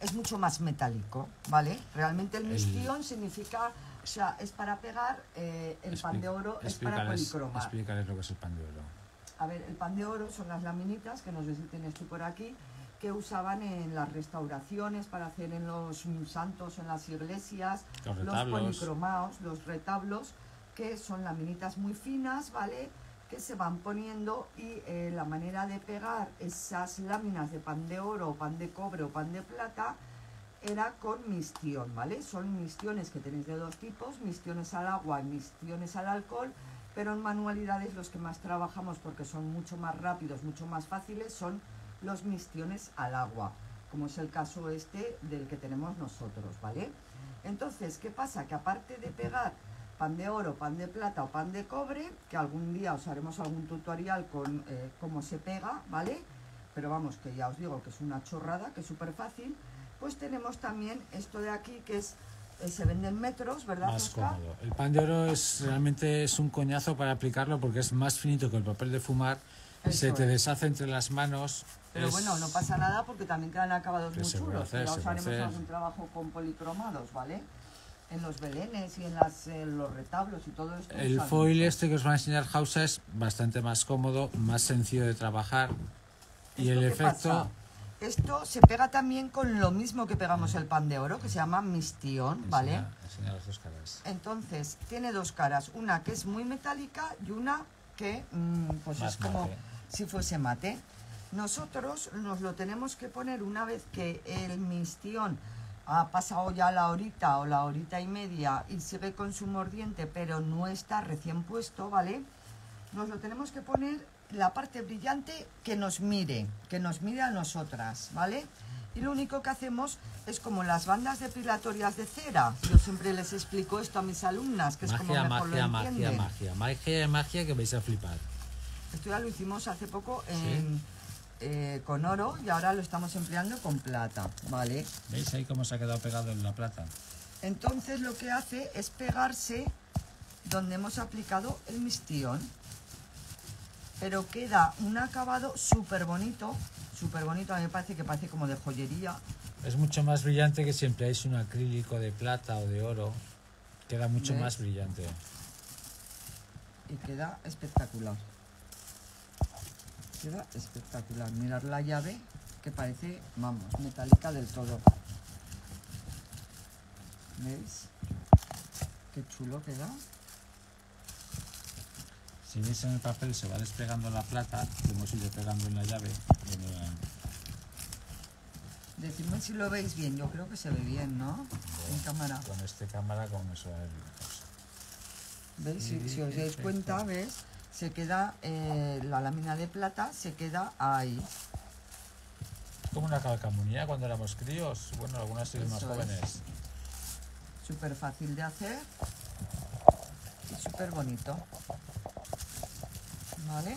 es mucho más metálico, ¿vale? Realmente el mistión significa, o sea, es para pegar, eh, el pan de oro es para policromar. lo que es el pan de oro. A ver, el pan de oro son las laminitas, que nos sé si tienes tú por aquí, que usaban en las restauraciones para hacer en los santos, en las iglesias, los, los policromados, los retablos, que son laminitas muy finas, ¿vale? que se van poniendo y eh, la manera de pegar esas láminas de pan de oro, pan de cobre o pan de plata era con mistión, ¿vale? Son mistiones que tenéis de dos tipos, mistiones al agua y mistiones al alcohol, pero en manualidades los que más trabajamos porque son mucho más rápidos, mucho más fáciles, son los mistiones al agua, como es el caso este del que tenemos nosotros, ¿vale? Entonces, ¿qué pasa? Que aparte de pegar pan de oro, pan de plata o pan de cobre, que algún día os haremos algún tutorial con eh, cómo se pega, ¿vale? Pero vamos, que ya os digo que es una chorrada, que es súper fácil. Pues tenemos también esto de aquí, que es eh, se vende en metros, ¿verdad? Más cómodo. El pan de oro es realmente es un coñazo para aplicarlo porque es más finito que el papel de fumar. se te deshace entre las manos. Pero bueno, no pasa nada porque también quedan acabados muy chulos. ya os haremos algún trabajo con policromados, ¿vale? en los belenes y en, los retablos y todo esto. El foil este que os va a enseñar Hausa es bastante más cómodo, más sencillo de trabajar y el efecto... Esto se pega también con lo mismo que pegamos el pan de oro, que se llama mistión, ¿vale? Entonces, tiene dos caras, una que es muy metálica y una que mm, pues es como si fuese mate. Nosotros nos lo tenemos que poner una vez que el mistión ha pasado ya la horita o la horita y media y se ve con su mordiente, pero no está recién puesto, ¿vale? Nos lo tenemos que poner la parte brillante que nos mire, que nos mire a nosotras, ¿vale? Y lo único que hacemos es como las bandas depilatorias de cera. Yo siempre les explico esto a mis alumnas, que es como mejor magia, magia, magia, magia, magia, magia que vais a flipar. Esto ya lo hicimos hace poco en... Eh, con oro y ahora lo estamos empleando con plata, ¿vale? ¿Veis ahí cómo se ha quedado pegado en la plata? Entonces lo que hace es pegarse donde hemos aplicado el mistión. Pero queda un acabado súper bonito, súper bonito, a mí me parece que parece como de joyería. Es mucho más brillante que si empleáis un acrílico de plata o de oro. Queda mucho más brillante. Y queda espectacular queda espectacular. Mirad la llave que parece, vamos, metálica del todo. ¿Veis? Qué chulo queda. Si veis en el papel se va despegando la plata como hemos ido pegando en la llave. Decidme si lo veis bien, yo creo que se ve bien, ¿no? en cámara. Con este cámara como me ¿Veis? Si, si, os dais cuenta, ¿ves? se queda eh, la lámina de plata, se queda ahí. Como una calcamonía cuando éramos críos, bueno, algunas siguen más jóvenes. Súper fácil de hacer y súper bonito. ¿Vale?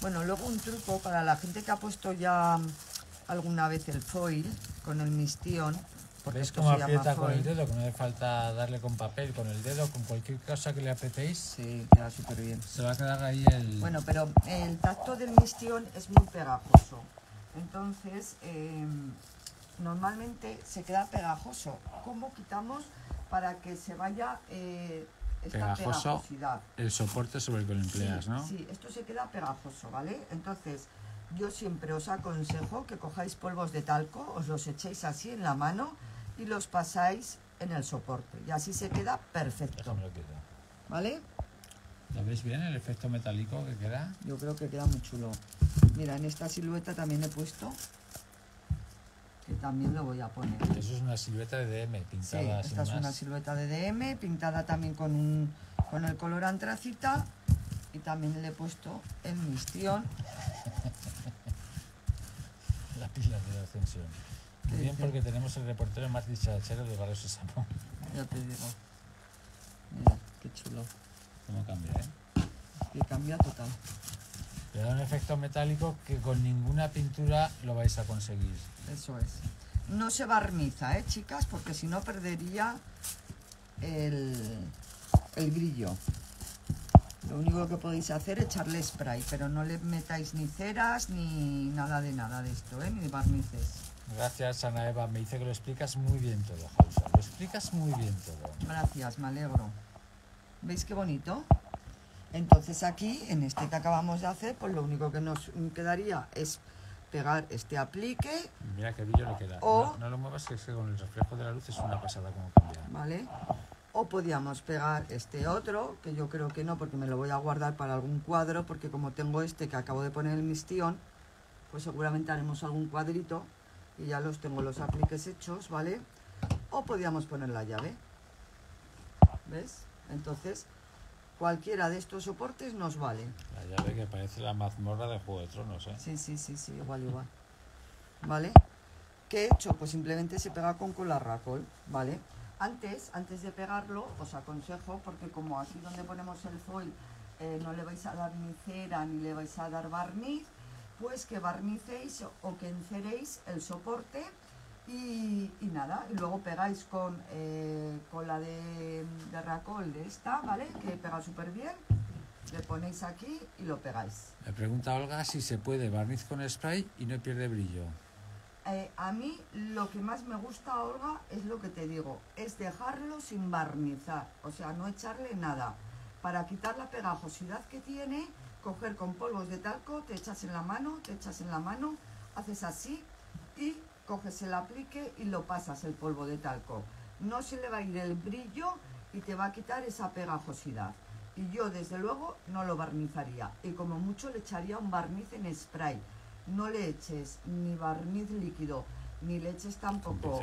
Bueno, luego un truco para la gente que ha puesto ya alguna vez el foil con el mistión, porque es como aprieta con el dedo, que no hace falta darle con papel, con el dedo, con cualquier cosa que le apretéis. Sí, queda súper bien. Se va a quedar ahí el... Bueno, pero el tacto del mistión es muy pegajoso. Entonces, em, normalmente se queda pegajoso. ¿Cómo quitamos para que se vaya eh, esta pegajoso, pegajosidad? El soporte sobre el que lo empleas, ¿no? Sí, esto se queda pegajoso, ¿vale? Entonces... Yo siempre os aconsejo que cojáis polvos de talco, os los echéis así en la mano y los pasáis en el soporte. Y así se queda perfecto. ¿Vale? ¿Lo veis bien el efecto metálico que queda? Yo creo que queda muy chulo. Mira, en esta silueta también he puesto que también lo voy a poner. Eso es una silueta de DM pintada. esta es una silueta de DM pintada también con, un, con el color antracita y también le he puesto el mistión La pila de la ascensión. Muy bien, porque tenemos el reportero más dicharachero de varios Sésamo. Ya te digo. Mira, qué chulo. ¿Cómo cambia, eh? Que cambia total. Le da un efecto metálico que con ninguna pintura lo vais a conseguir. Eso es. No se barniza, ¿eh, chicas? Porque si no perdería el, el grillo. Lo único que podéis hacer es echarle spray, pero no le metáis ni ceras ni nada de nada de esto, ¿eh? ni barnices. Gracias, Ana Eva. Me dice que lo explicas muy bien todo, Lo explicas muy bien todo. Gracias, me alegro. ¿Veis qué bonito? Entonces aquí, en este que acabamos de hacer, pues lo único que nos quedaría es pegar este aplique. Mira qué brillo le queda. O, no, lo muevas, que con el reflejo de la luz es una pasada como cambia. Vale. O podíamos pegar este otro, que yo creo que no, porque me lo voy a guardar para algún cuadro, porque como tengo este que acabo de poner en mi stión, pues seguramente haremos algún cuadrito y ya los tengo los apliques hechos, ¿vale? O podíamos poner la llave, ¿ves? Entonces, cualquiera de estos soportes nos vale. La llave que parece la mazmorra de Juego de Tronos, ¿eh? Sí, sí, sí, sí, igual, igual. ¿Vale? ¿Qué he hecho? Pues simplemente se pega con cola ¿vale? Antes, antes de pegarlo, os aconsejo, porque como aquí donde ponemos el foil eh, no le vais a dar ni cera ni le vais a dar barniz, que barnicéis o que enceréis el soporte y, y nada, y luego pegáis con, eh, con la de, de racol de esta, ¿vale? Que pega súper bien, le ponéis aquí y lo pegáis. Me pregunta Olga si se puede barniz con spray y no pierde brillo. Eh, a mí lo que más me gusta, Olga, es lo que te digo, es dejarlo sin barnizar, o sea, no echarle nada, para quitar la pegajosidad que tiene coger con polvos de talco, te echas en la mano, te echas en la mano, haces así y coges el aplique y lo pasas el polvo de talco. No se le va a ir el brillo y te va a quitar esa pegajosidad. Y yo desde luego no lo barnizaría y como mucho le echaría un barniz en spray. No le eches ni barniz líquido ni le eches tampoco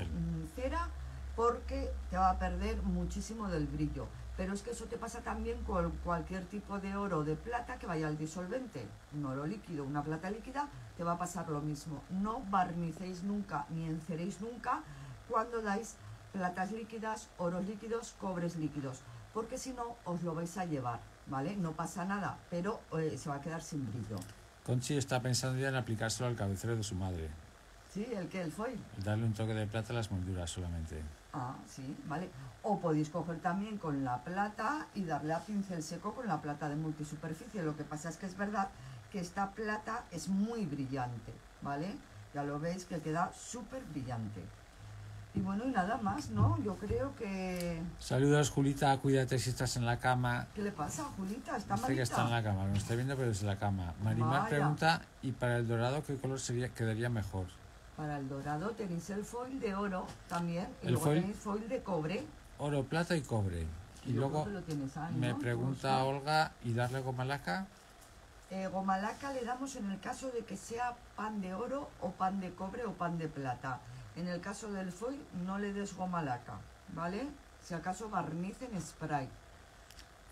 cera porque te va a perder muchísimo del brillo. Pero es que eso te pasa también con cualquier tipo de oro o de plata que vaya al disolvente. Un oro líquido, una plata líquida, te va a pasar lo mismo. No barnicéis nunca ni enceréis nunca cuando dais platas líquidas, oros líquidos, cobres líquidos. Porque si no, os lo vais a llevar, ¿vale? No pasa nada, pero eh, se va a quedar sin brillo. Conchi está pensando ya en aplicárselo al cabecero de su madre. Sí, el que, el foil. Darle un toque de plata a las molduras solamente. Ah, sí, vale. O podéis coger también con la plata y darle a pincel seco con la plata de multisuperficie. Lo que pasa es que es verdad que esta plata es muy brillante, ¿vale? Ya lo veis que queda súper brillante. Y bueno, y nada más, ¿no? Yo creo que... Saludos, Julita, cuídate si estás en la cama. ¿Qué le pasa, Julita? ¿Está malita? que está en la cama, no estoy viendo, pero es en la cama. Marimar pregunta, ¿y para el dorado qué color sería, quedaría mejor? Para el dorado tenéis el foil de oro también. Y el luego foil, tenéis foil de cobre. Oro, plata y cobre. Y, luego, ah, me pregunta Olga, ¿y darle gomalaca? Eh, laca le damos en el caso de que sea pan de oro o pan de cobre o pan de plata. En el caso del foil no le des gomalaca, ¿vale? Si acaso barniz en spray.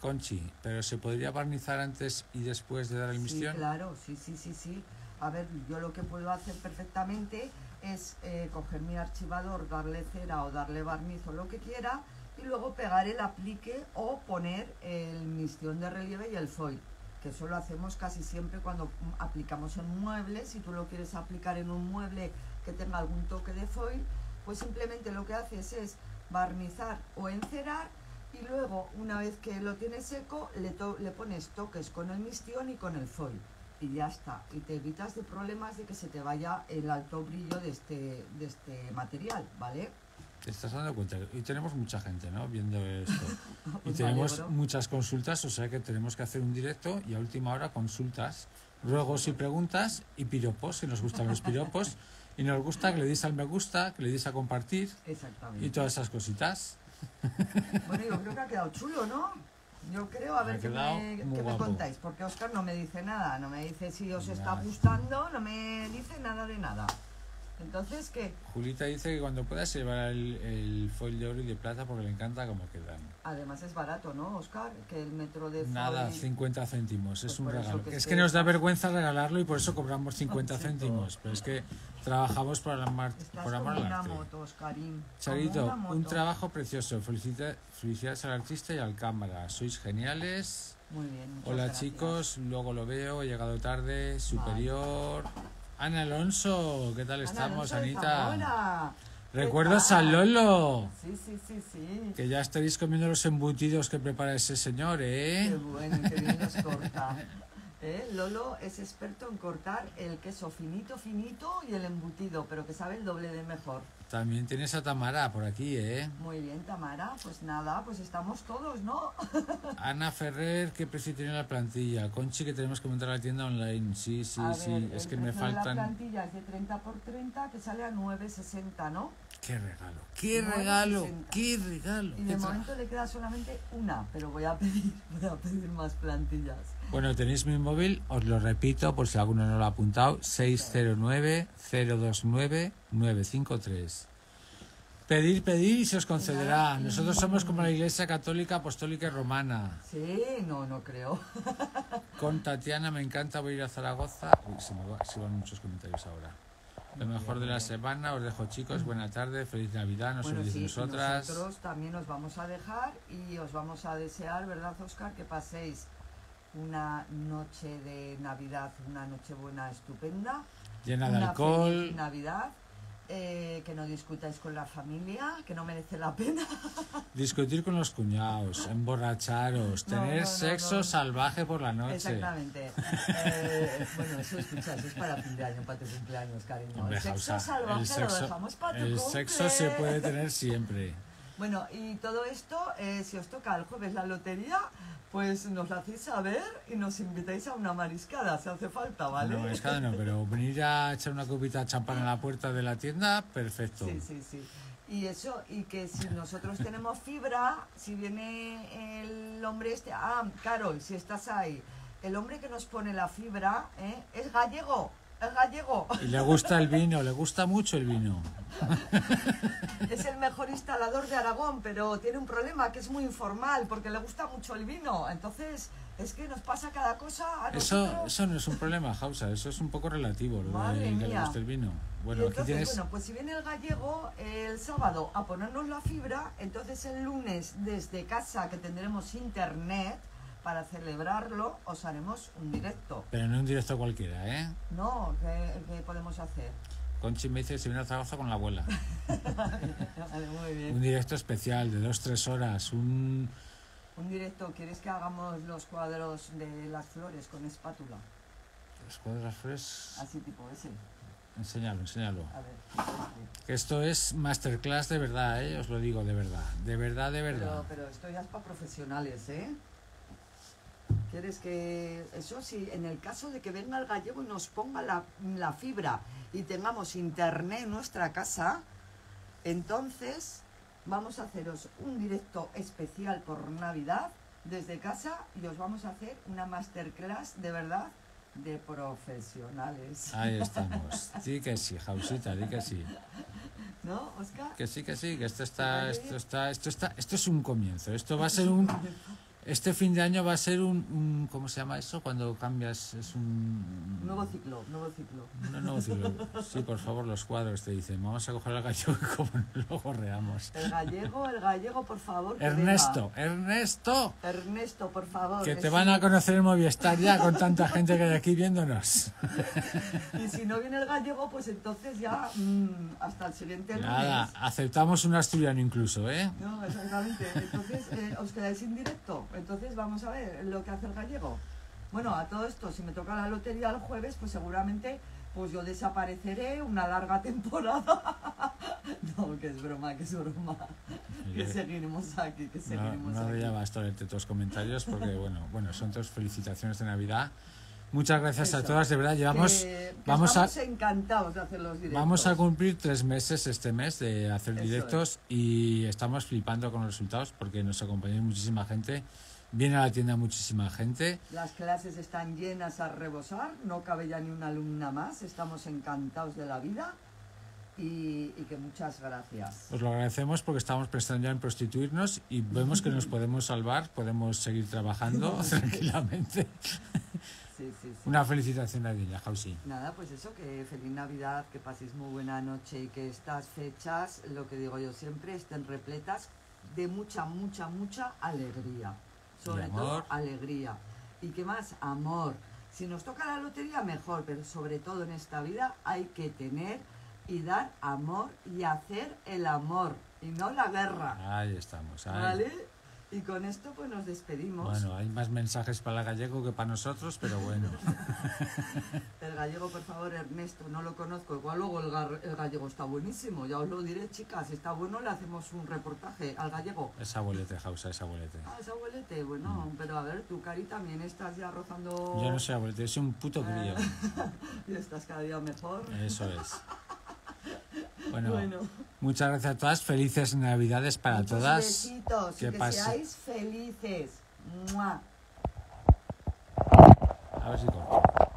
Conchi, pero ¿se podría barnizar antes y después de dar el sí, Claro, sí, sí, sí, sí. A ver, yo lo que puedo hacer perfectamente es eh, coger mi archivador, darle cera o darle barniz o lo que quiera y luego pegar el aplique o poner el mistión de relieve y el foil que eso lo hacemos casi siempre cuando aplicamos en muebles, si tú lo quieres aplicar en un mueble que tenga algún toque de foil, pues simplemente lo que haces es barnizar o encerar y luego una vez que lo tienes seco le, le pones toques con el mistión y con el foil y ya está. Y te evitas de problemas de que se te vaya el alto brillo de este, de este material, ¿vale? Te estás dando cuenta, y tenemos mucha gente, ¿no? Viendo esto. y pues tenemos muchas consultas, o sea que tenemos que hacer un directo y a última hora consultas, ruegos y preguntas y piropos, si nos gustan los piropos. y nos gusta que le deis al me gusta, que le deis a compartir. Exactamente. Y todas esas cositas. Bueno, yo creo que ha quedado chulo, ¿no? Yo creo, a ver qué me, contáis, porque Oscar no me dice nada, no me dice si os está gustando, no me dice nada de nada. Entonces, ¿qué? Julita dice que cuando pueda se llevará el, foil de oro y de plata porque le encanta cómo quedan. Además es barato, ¿no, Oscar? Que el metro de Nada, 50 céntimos, es pues un regalo. es que, nos da vergüenza regalarlo y por eso cobramos 50 céntimos. Pero es que trabajamos para la mar... amor Moto, Charito, un trabajo precioso. Felicita... Felicidades al artista y al cámara. Sois geniales. Muy bien. Hola chicos, luego lo veo, he llegado tarde, superior. Ana Alonso, ¿qué tal estamos, Anita? ¿Recuerdas al Lolo. Sí, sí, sí, sí. Que ya estaréis comiendo los embutidos que prepara ese señor, ¿eh? Qué bueno, qué bien nos corta. ¿eh? Lolo es experto en cortar el queso finito, finito y el embutido, pero que sabe el doble de mejor. También tienes a Tamara por aquí, ¿eh? Muy bien, Tamara. Pues nada, pues estamos todos, ¿no? Ana Ferrer, ¿qué precio tiene la plantilla? Conchi, que tenemos que montar la tienda online. Sí, sí, sí. es que me faltan. La plantilla es de 30 por 30, que sale a 9,60, ¿no? ¡Qué regalo! ¡Qué regalo! ¡Qué regalo! Y de momento le queda solamente una, pero voy a pedir, voy a pedir más plantillas. Bueno, tenéis mi móvil, os lo repito por si alguno no lo ha apuntado, 609-029-953. Pedir, pedir y se os concederá. Nosotros somos como la Iglesia Católica Apostólica y Romana. Sí, no, no creo. Con Tatiana me encanta, voy a ir a Zaragoza. Uy, se me van muchos comentarios ahora. Lo mejor de la semana, os dejo chicos, buena tarde, feliz Navidad, nos nosotras. Nosotros también os vamos a dejar y os vamos a desear, ¿verdad, Oscar? Que paséis una noche de Navidad, una noche buena estupenda. Llena de alcohol. Navidad. Eh, que no discutáis con la familia, que no merece la pena. Discutir con los cuñados, emborracharos, tener sexo salvaje por la noche. Exactamente. Eh, bueno, eso escuchas, es para fin de año, para tu cumpleaños, cariño. el sexo salvaje el lo dejamos para tu El sexo se puede tener siempre. Bueno, y todo esto, eh, si os toca el jueves la lotería, pues nos la hacéis saber y nos invitáis a una mariscada, si hace falta, ¿vale? No, mariscada no, pero venir a echar una copita de champán en la puerta de la tienda, perfecto. Sí, sí, sí. Y eso, y que si nosotros tenemos fibra, si viene el hombre este, ah, Carol, si estás ahí, el hombre que nos pone la fibra ¿eh? es gallego. El gallego. Y le gusta el vino, le gusta mucho el vino. Es el mejor instalador de Aragón, pero tiene un problema que es muy informal, porque le gusta mucho el vino. Entonces, es que nos pasa cada cosa eso, eso no es un problema, Hausa. eso es un poco relativo, lo de, el vino. Bueno, bueno, pues si viene el gallego el sábado a ponernos la fibra, entonces el lunes desde casa, que tendremos internet, para celebrarlo os haremos un directo. Pero no un directo cualquiera, ¿eh? No, ¿qué, podemos hacer? Conchi me dice que se viene a Zaragoza con la abuela. muy bien. Un directo especial de dos, tres horas, un... directo, ¿quieres que hagamos los cuadros de las flores con espátula? ¿Los cuadros de las flores? Así tipo ese. Enseñalo, enséñalo. A ver. esto es masterclass de verdad, ¿eh? os lo digo de verdad. De verdad, de verdad. Pero, pero esto ya es para profesionales, ¿eh? ¿Quieres que.? Eso sí, en el caso de que venga el gallego y nos ponga la, fibra y tengamos internet en nuestra casa, entonces vamos a haceros un directo especial por Navidad desde casa y os vamos a hacer una masterclass de verdad de profesionales. Ahí estamos. Sí que sí, Jausita, di que sí. ¿No, Oscar? Que sí, que sí, que esto está, esto está, esto está, esto es un comienzo. Esto va a ser un este fin de año va a ser un, ¿cómo se llama eso? Cuando cambias es un nuevo ciclo, nuevo ciclo. Sí, por favor, los cuadros te dicen. Vamos a coger al gallego y como lo gorreamos. El gallego, el gallego, por favor. Ernesto, Ernesto. Ernesto, por favor. Que, te van a conocer en Movistar ya con tanta gente que hay aquí viéndonos. Y si no viene el gallego, pues entonces ya mm, hasta el siguiente Nada, aceptamos un asturiano incluso, ¿eh? No, exactamente. Entonces, eh, ¿os quedáis en entonces vamos a ver lo que hace el gallego. Bueno, a todo esto, si me toca la lotería el jueves, pues seguramente pues yo desapareceré una larga temporada. no, que es broma, que es broma. que seguiremos aquí, que seguiremos no, no aquí. No a todos los comentarios porque, bueno, bueno, son tus felicitaciones de Navidad. Muchas gracias a todas, de verdad. Llevamos, vamos a, encantados de hacer los directos. Vamos a cumplir tres meses este mes de hacer directos y estamos flipando con los resultados porque nos acompaña muchísima gente. Viene a la tienda muchísima gente. Las clases están llenas a rebosar, no cabe ya ni una alumna más. Estamos encantados de la vida. Y, que muchas gracias. Os lo agradecemos porque estamos prestando ya en prostituirnos y vemos que nos podemos salvar, podemos seguir trabajando tranquilamente. Una felicitación a Jausi. Nada, pues eso, que feliz Navidad, que paséis muy buena noche y que estas fechas, lo que digo yo siempre, estén repletas de mucha, mucha, mucha alegría. Sobre todo alegría. ¿Y qué más? Amor. Si nos toca la lotería, mejor, pero sobre todo en esta vida hay que tener y dar amor y hacer el amor y no la guerra. Ahí estamos. ¿Vale? Y con esto pues nos despedimos. Bueno, hay más mensajes para el gallego que para nosotros, pero bueno. el gallego, por favor, Ernesto, no lo conozco. Igual luego el, gallego está buenísimo, ya os lo diré, chicas. Si está bueno, le hacemos un reportaje al gallego. Es abuelete, Jausa, es abuelete. Ah, es abuelete, bueno, mm. pero a ver, tú, Cari, también estás ya rozando... Yo no soy abuelete, soy un puto crío. y estás cada día mejor. Eso es. Bueno, muchas gracias a todas. Felices Navidades para todas. que, seáis felices. A ver si corto.